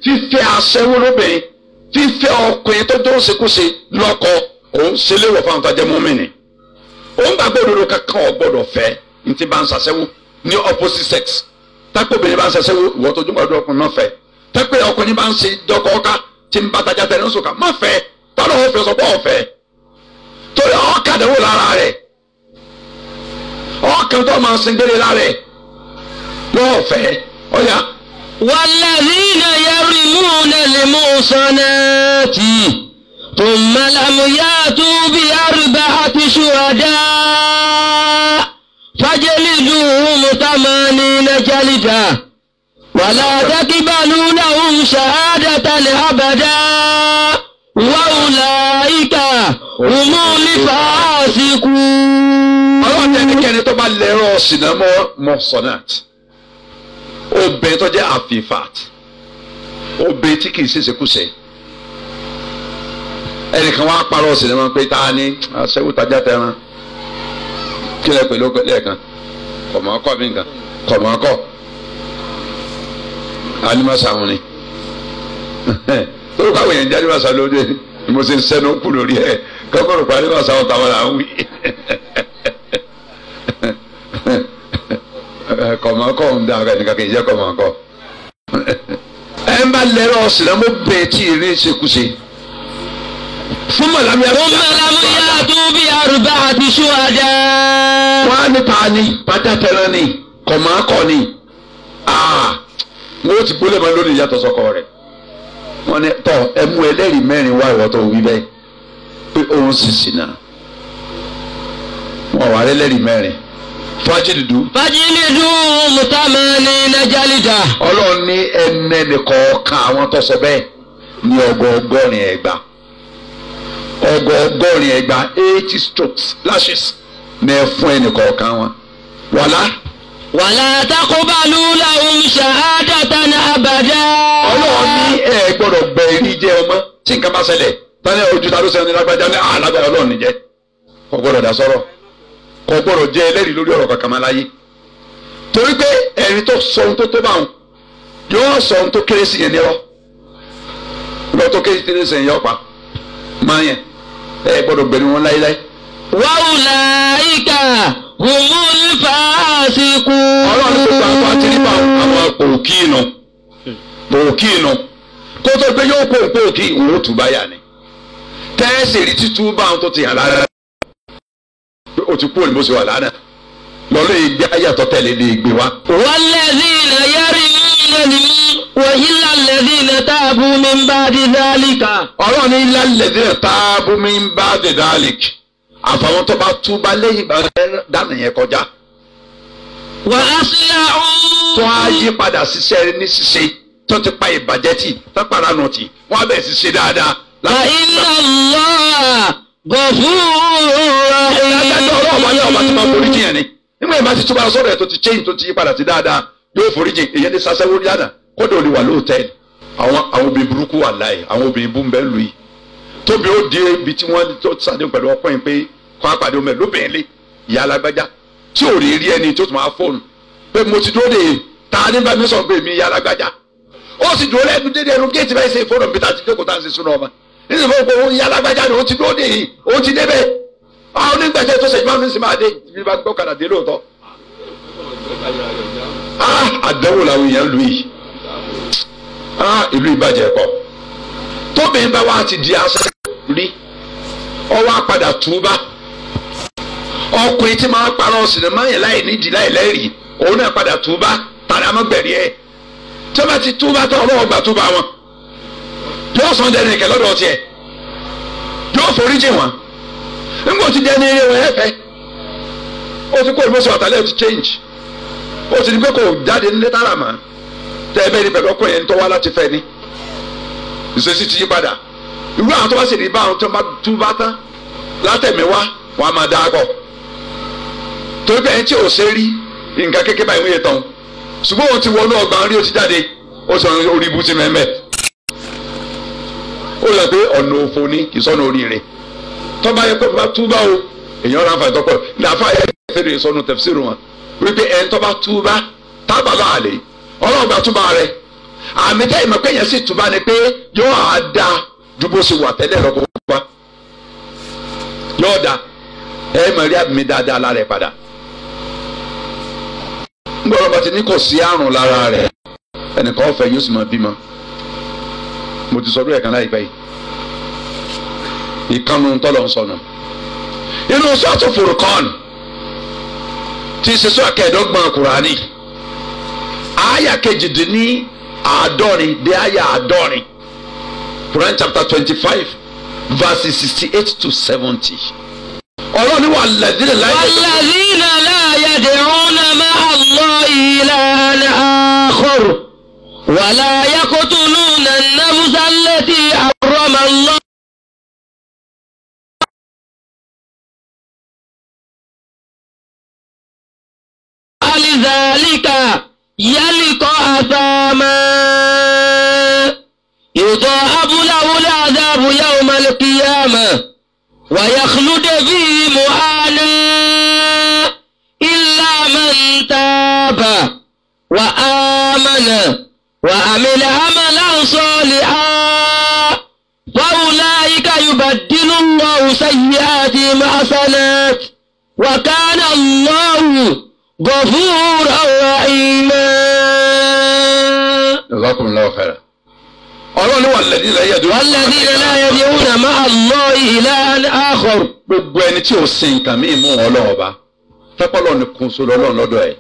fífẹ́ aṣẹ́wó fífẹ́ ọkùnrin tó dóhùn ṣekúṣe lọ́kọ òun ṣe léwọ̀ fún àǹfààjẹ́ mọ́mìnì. òun gbàgbọ́ òdodo kankan ò fẹ́ ní ti bá ń ṣàṣẹ́wó ní opposite sex tákòbìnrin bá ń ṣàṣẹ́wó ìwọ́n tó dúpọ̀ ọdún náà fẹ́ tẹ́pẹ́ ọkùnrin bá ń ṣe dọ́kọ̀ ọ́ká tí ń bá tẹ̀lé ń sọ̀kà má fẹ́ tọ́lọ́ ọ̀fẹ́ sọ ọkàn tó máa sin gbére lára ẹ̀ lọ́ọ̀fẹ́ ọ̀yà. wàlàdínà yẹrí múnà lè mú sọ́nẹ́ẹ̀tì tó mẹ́lámúyá tó bí àrùbá àti ṣùwádà fájẹ́lìdù mùtàmá ní nàjálìdà wàlá dákìbàlú náà ń ṣàádàtà lè abàdá wàhùn làáyíkà òmùlífà àsìkú ọlọ́run ẹnikẹ́ni tó bá lẹ́rọ̀ ṣìnà mọ́ mọ́sánát obìnrin tó jẹ́ àfìfàt obìnrin tí kì í ṣèṣekúṣe ẹnìkan wá parọ́ ṣìnà mọ́ pé tá a ní aṣẹ́wó tajà tẹran kí lẹ pẹ̀lú lẹ́ẹ̀kan kọ̀mọ́kọ́ mi nǹkan kọ̀mọ́kọ́ alimasa wọn ni *laughs* tó káwọn èèyàn jẹ́ alimasa lóde mo ṣe ń sẹ́nu kú lórí ẹ̀ kọ́kọ́rọ́ pa alimasa wọn táwọn là ń wí. *laughs* kọ̀mọ́kọ́ ń dá ọ̀gá nìkan kì í jẹ́ kọ̀mọ́kọ́. ẹ má lẹ́rọ ọ̀sìnlámọ́ bẹ́ẹ̀ tí ìrìn ṣekúṣe. fún mọ̀lámíyà tó bá mọ̀lámíyà tó bí arúgbó àti ṣúwájà. wọ́n á ní paani pátákẹ́rẹ́ ni kọ̀mọ́kọ́ ni wọ́n ti gbólé ma lónìí yàtọ̀ sọ́kọ rẹ̀ wọ́n ní tọ́ ẹ mú ẹlẹ́rìí mẹ́rin wá ìwọ́ tó wí bẹ́ẹ̀ pé òun sì sì náà wọ́n wà á lẹ́lẹ́rìí mẹ́rin fajilidu. fajilidu mutamani najalida. ọlọ́run ní ẹnẹ nìkan kan àwọn tó sọ bẹ́ẹ̀ ní ọgọọgọ́rin ẹgbà ọgọọgọ́rin ẹgbà eighty strokes lashes ní ẹ fún ẹnìkan kan wọn. wàlá. wàlá takobalu lahum shahadatan abada. ọlọ́run ní ẹ gbọ́dọ̀ bẹ ẹni jẹ́ ọmọ tí nǹkan bá ṣẹlẹ̀ tani ojú ta ló sẹ́ni lágbájá ní àlágbára ọlọ́run níjẹ́ ọgbọ́dọ̀ dá kò gbọ́dọ̀ jẹ́ ẹlẹ́rìí lórí ọ̀rọ̀ kankan máa torí pé ẹni tó sọ ohun tó tó bá wọn yóò sọ ohun tó kéré sí yẹn ní ọ lọ tó kéré sí yẹn yọ pa máa yẹn ẹ gbọ́dọ̀ gbẹ̀rù wọn láéláé. wàhùlà ìkà humul fasiqun. ọlọ́run tó gba àwọn àti àwọn òkì inú òkì inú kó tó yóò pòǹpò òkì ìwòótù báyà ni tẹ́ẹ̀sì rí títú bá àwọn tó ti hàn lára ó ti kúrò ní bó ṣe wà lánàá lọ́lọ́ yìí gbé ayé àtọ́ tẹ̀lé ní ìgbé wa. walladhina yarmuna al-mu'minina wa illa alladhina tabu min ba'di dhalika. ọ̀rọ̀ ni illa alladhina tabu min ba'di dhalika àfàwọn tó bá túbá lẹ́yìn ìgbà dànù yẹn kọjá. wà á sílẹ̀ ọ̀hún. tó a yí padà ṣiṣẹ́ ní ṣíṣe tó ti pa ìbàjẹ́ tì tó pa ranù tì wọ́n á bẹ̀ ṣiṣẹ́ dáadáa. fa Adájọ́ ọlọ́ọ̀bá yóò bá ti máa foríjì yẹn ni. Nígbà yìí máa ti túbọ̀ sọ̀rọ̀ ẹ̀ tó ti change tó ti yí padà sí dáadáa yóò foríjì èyí ni sasẹ́wó ní àná kódò lè wà lóòótẹ́ ni. Àwọn àwọn obìnrin burúkú wà láì àwọn obìnrin bú mbẹ́ lu yìí. Tóbi ó di ibi tí wọ́n tó sàdéhùn pẹ̀lú ọkọ yìí pé kọ́ apàdé omi ẹ̀ lóbìnrin lé ìyá alágbájá tí ò rí rí ẹni tó tún máa fóònù pé mo ti dúró de ta ní bá mi sọ pé mi ìyá alágbájá ó sì dúró lẹ́nu dédé ẹnu géètì báyìí ṣe fóònù mi tá a ti jókòó tá a ń ṣe súná ọmọ nítorí fún òkòwò ìyá alágbájá ni òun ti dúró dè yìí òun ti débẹ̀ àwọn onígbàjẹ́ tó ṣèjú márùn-ún sì máa dé ibi bá gbọ́ kàdà dé lóòótọ́. àdánwò làwọn èèyàn lu yìí ìlú ìbàjẹ́ pọ̀ tóbìnrin bá wá ti di aṣọ rí ọwọ́ àpàdà túbá ọkùnrin tí máa parọ́ sinimá yẹn láì nídìí láì lẹ́rìí òun náà padà túbá tàdá mọ́gbẹ̀rí ẹ̀ tí wọ́n bá ti túbá tán ọlọ́wọ́ gbà túbá wọn yóò sọ dẹni ìkẹ́ lọ́dọ̀ tiẹ̀ yóò forí jì wọ́n nígbà tí dẹni eré wọn ẹ̀fẹ́ ó ti kó ìmọ̀sọ̀ àtàlẹ́ ti change ó ti di pé kò jáde ní létà ràmà tẹ ẹ bẹ́ẹ̀ ni bẹ̀rẹ̀ ọkùnrin yẹn tó wá láti fẹ́ ni ìṣesí ti yí padà irú àwọn tó bá sì ní bá àwọn tó bá tú bá tán látẹ̀míwá wọn a máa dá a kọ̀ torí pé ẹni tí ò ṣe rí nǹkan kékeré báyìí wọ́n yẹ tán ṣùgbọ́n òun ti wọnú ọgbà rí ó ti jáde ó sọ orí ibú ti mẹ́mẹ́ ó lọ pé ọ̀nà òfo ni kì í sọ́nà oríire tọ́ba yẹ kó bá túbá o èèyàn ra àǹfààní tọ́pọ̀ làáfà yẹ fèrè sọnù tẹ̀fsíìrù wọn wípé ẹ̀ ń tọ́ba túbá tábà bá àlè ọlọ́run bá túbá rẹ àmì tẹ́ ìmọ̀ pé yẹn sì túbá ni pé yóò á da ju bó ṣe wà tẹ́lẹ̀ lọ́kọ̀ wá yóò da ẹ mọ̀ rí àmì dáadáa lára ẹ̀ padà ń gbọ́dọ̀ bá ti ní kò sí àrùn lára rẹ̀ ẹnìkan mo ti sọdún ẹ̀kan láìpẹ́ yìí ìkànnù tọ́lọ̀ ń sọnù inú sọ́ọ̀tù fòrùkọ́ọ̀nù ti sísọ kẹẹ̀dọ́gbọ̀n kùránì àyà kejìdínní àádọ́rin dé àyà àádọ́rin Quran chapter twenty-five verse sixty-eight to seventy ọlọ́run ni wàlẹ́dínlá láyé. wàlẹ́dínlá láyé dìrún máa lọ ìlànà àkọ́rò wàlá yẹ kó tún lọ. يقتلون النفس التي حرم الله لذلك يلق أثاما يضاعف له العذاب يوم القيامة ويخلد فيه مهانا إلا من تاب وآمن وعمل عملا ذلك يبدل الله سيئاتهم حسنات وكان الله غفورا رحيما جزاكم الله خيرا ọlọ́run wà lẹ́dí lẹ́yìn ẹ̀dùn. wàlẹ́dí lẹ́yìn ẹ̀dùn ma Allah ilahan akhar. gbogbo ẹni tí ò sin nǹkan mí mú ọlọ́run ọba fẹ́pọ̀ ọlọ́run ni kò so lọ́lọ́run lọ́dọ̀ ẹ̀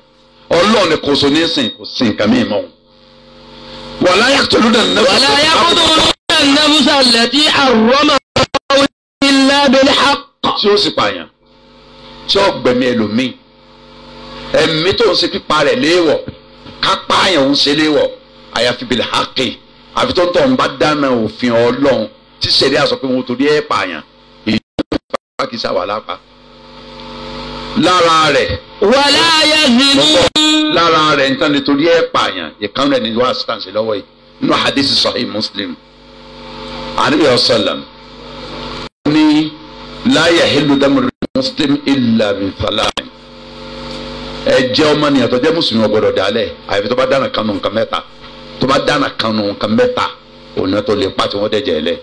ọlọ́run ni ní sin nǹkan mí mú. wàlá yàtọ̀ lódà nínú. wàlá yàtọ̀ lódà nínú ilà nàbùsà lẹ́tí àrọ́mà ọ̀hún ilà bẹ́lẹ̀ hàk. tí ó sì pààyàn tí ó gbẹ̀mí ẹlòmíì ẹ̀mí tó ń ṣe pípa rẹ̀ léèwọ̀ ká pààyàn ń ṣe léèwọ̀ àyàfi bẹ́lẹ̀ hàkì àfi tó ń tọ̀ ń bá dáná òfin ọlọ́run tí sẹ̀rí àsọ pé wọn torí ẹ̀ pààyàn èyí tó ń fa kì í sàwálà pa lára rẹ̀ wàlá ayé zinú lára rẹ̀ nítorí ẹ̀ pààyàn ìkànnì ẹni wá sítáǹsì lọ́wọ́ yìí nínú hadisi sahih muslim anabi ọsàlám ní láyà hílù dámúrú muslim ilà bìtàlámì ẹ̀jẹ̀ ọmọ nìyàn tó jẹ́ mùsùlùmí ọgbọ́dọ̀ dálẹ̀ àyàfi tó bá dáná kanu nǹkan mẹ́ta tó bá dáná kanu nǹkan mẹ́ta ònà tó lè pa tí wọ́n dẹ̀jẹ̀ lẹ̀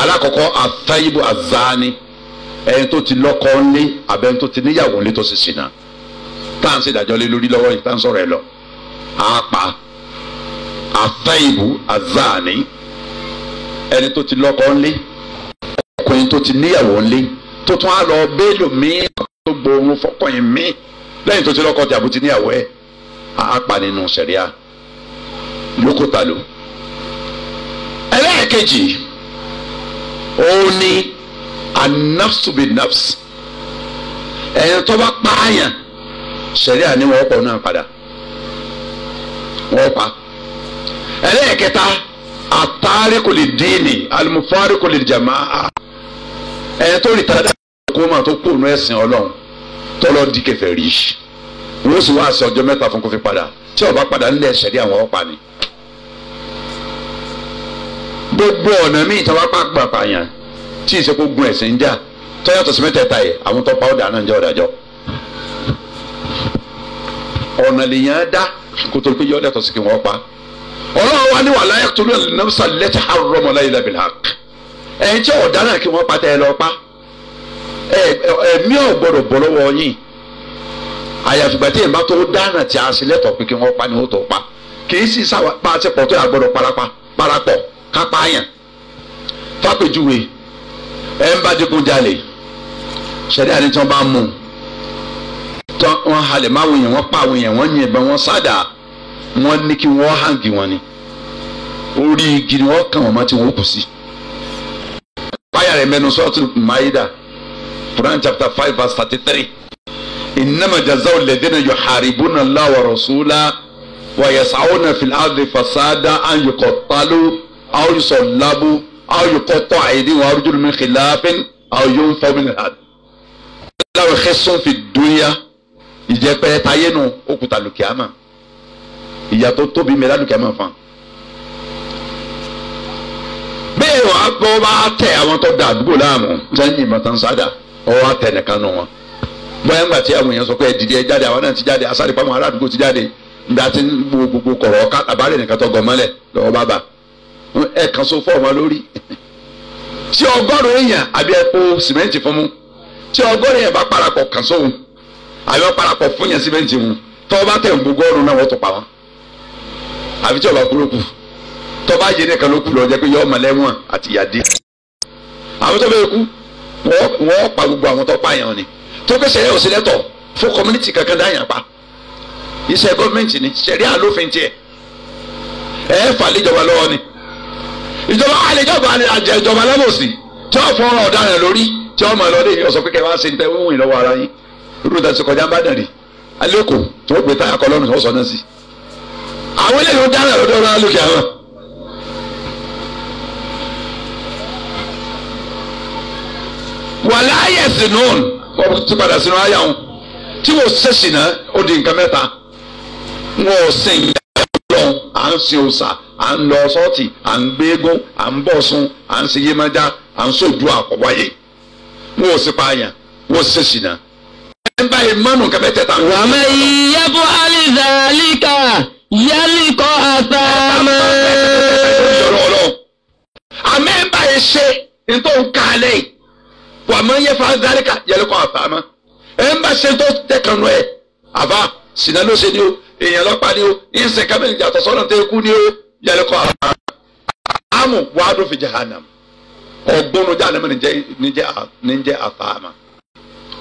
alakọkọ atayibu azani ẹni tó ti lọ́kọ ńlé abẹ́ni tó ti níyàwó ńlé tó sì ṣìnà tá à ń lé lórí lọ́wọ́ yìí tá sọ̀rọ̀ ẹ lọ àápa atayibu azani ẹni tó ti lọ́kọ ńlé ọkùnrin tó ti níyàwó ńlé tó tún á lọ bẹ́ẹ̀lù míì tó gbóòórùn fọkùnrin míì lẹ́yìn tó ti lọ́kọ tàbí ti níyàwó ẹ̀ á pa nínú sẹ̀ríà lókòtà lò. ẹlẹ́ẹ̀kejì òun ni anafsubi nafs ẹ̀yìn tó bá pààyàn sẹ̀ríà ni wọ́n pọ̀ náà padà wọ́n pa ẹlẹ́ẹ̀kẹta àtàríkò lè díìnì àlùmùfáríkò lè jamaa ẹ̀ tó rí tàdá kó máa tó kó nu ẹ̀sìn ọlọ́run tọ́lọ́ di kẹfẹ́ rí wọ́n sì wá sí ọjọ́ mẹ́ta fún kó fi padà tí ó bá padà nílẹ̀ ṣẹ̀dí àwọn ọ̀pá ni. gbogbo ọ̀nà míì tí wọ́n bá gbà pààyàn tí ìṣekú gun ẹ̀sìn jà tọ́yàtọ̀ sí mẹ́tẹ̀ẹ̀ta yẹ àwọn tó pa ọ̀dà náà jẹ́ ọ̀dàjọ́ ọ̀nà lèèyàn dá kó tó pé yọ ọ̀dàtọ̀ sí kí wọ́n pa ọlọ́run wa ní wàhálà ẹ̀kútù lónìí nàmsà lẹ́tà àrùrọ̀mọ̀lá ilẹ̀ bilhak ẹ̀yin tí ọ̀dà náà kí wọ́n pa tẹ́ ẹ lọ pa ẹ̀mí ò gbọ́dọ̀ bọ́ lọ́wọ́ yín àyàfi gbàtí ìbá tó dáná tí a sì lẹ́tọ̀ pé kí wọ́n pa ni ó tó pa kì í sì sáwà pa àti pọ̀ tó yà gbọ́dọ̀ parapa parapọ̀ kápá yàn fápẹ́júwe ẹ̀ ń bá digunjalè ṣẹ̀dá ni tí wọ́n bá mú un tán wọ́n halẹ̀ máwùn wọ́n pa àwọn wọ́n yìnbọn wọ́n sádàá wọ́n ní kí wọ́n hàngì wọn ni orí igi ni wọ́n kàn wọ́n mọ́ tí wọ́n kù sí. báyà rẹ̀ mẹ́nu sọ́ọ̀tù maida Quran chapter five verse thirty three innama jazaa'u alladhina yuharibuna Allaha wa rasulahu wa yas'awna fil ardi fasada an yuqattalu aw yusallabu aw yuqatta'u aydihim wa arjuluhum min khilafin aw yunfaw láwọn xẹ́sùn fi dúnyà ìjẹ́pẹ́ tayé nu òkúta lùkìá mọ́ ìyà tó tóbi mẹ́ta dùkẹ́ máa fan. bẹ́ẹ̀ wàá gbọ́ bá tẹ àwọn tó da àdúgbò láàmú sẹ́yìn ìmọ̀tàn sáadà ọwọ́ àtẹnìkan nù wọn. bóyá ńgbà tí àwọn èèyàn sọ pé ẹ dìde ẹ jáde àwọn náà ti jáde asáré pàmò ará àdúgbò ti jáde ńgbà tí gbogbo kọ̀rọ̀ ọ̀ká àbárẹ̀ nìkan tó gọ̀ mọ́lẹ̀ lọ́wọ́ bàbà ẹ kan so fọ́ọ̀mù lórí. tí ọgọ́rùn-ún èèyàn àbí ẹ po sìmẹ́ǹtì fún mu tí ọgọ́rùn-ún èèyàn bá parapọ̀ kàn sóhun àbí wọ́n parapọ̀ fún yẹn sìmẹ́ǹtì mu tọ́ bá tẹ̀ ń gbogbo ọ̀run náà wọ́n tó pa wọn àfi tí ọba kúrókù tọba yé nìkan ló kù lọ jẹ pé yọ ọmọ lẹ́wọ̀n àti yàdé àwọn tó bẹ kú wọn pa gbogbo àwọn tó pààyàn ni tó kẹsẹ yẹ òsì lẹtọ fún community kankan dáyàn pa iṣẹ́ gọọmenti ni sẹrí àlófin tiẹ̀ ẹ fà lẹjọba lọ́wọ́ ni ìjọba àlejọba àjẹ ìjọba lábòsí tí wọn fọwọ́n ọ̀daràn lórí tí wọn mọ̀ ẹ lọ́dẹ ọ̀sọ̀ pé kẹwàá ṣe ń tẹ wíwìn lọ́wọ́ ara yín irú ìdásí kọjá ń bá dàn rí alẹ́ kò tí gbé táyà kọ́ lọ́rùn tí sọ náà sí àwọn eléyìí ó dára lọ́dọ̀ ọ̀rọ̀ alùpùpù àwọn. wàlẹ́ ayé sinú wọ́n ti padà sinú ayé àwọn tí wọ́n ṣèṣì náà ó di nǹkan mẹ́ta wọ́n ò sìn ìyá ọlọ́run à ń sin òòṣà à ń lọ sọ́ọ̀tì à ń gbéégún à ń bọ̀ sun à ń sin yémájá à ń sòdú àkọ́wáyé wọ́n ò sì pààyàn wọ́n ṣèṣì náà. ẹ báyìí mọ́nù kẹ́mẹ́tẹ̀ẹ̀ta. wàá mẹ́yìí yẹ́bù alẹ́ zàlíkà yálìkọ́ àtàmọ́. àmọ́ ẹ bá yẹ ṣe nítorí ń ka alẹ́ yìí wà máa ń yẹ fún adarika yálìkọ́ àtàmọ́ ẹ ń bá ṣe tó tẹkànnú ẹ àbá sinna ṣe ni o èèyàn lọ́pàá ni o ìṣe kábẹ́ẹ̀lì yàtọ̀ sọ́nà tẹ́ kú ni o yálìkọ́ àtàmọ́. àmọ̀ wàá dùn fi jahannam ọgbọnu jaanama ni jẹ àtàmà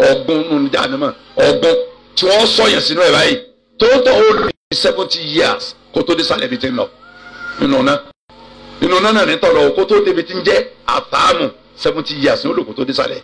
ọgbọnu jaanama ọgbọn tí wọn sọ yẹn sínú ẹ báyìí tó ń ó lè seventy years kó tó dé sálẹ̀ ibi tí ń lọ nínú náà nínú náà náà ní tọ̀lọ̀ kó tó débi tí ń jẹ́ àtàmù seventy years ní olùkó tó dé sálẹ̀.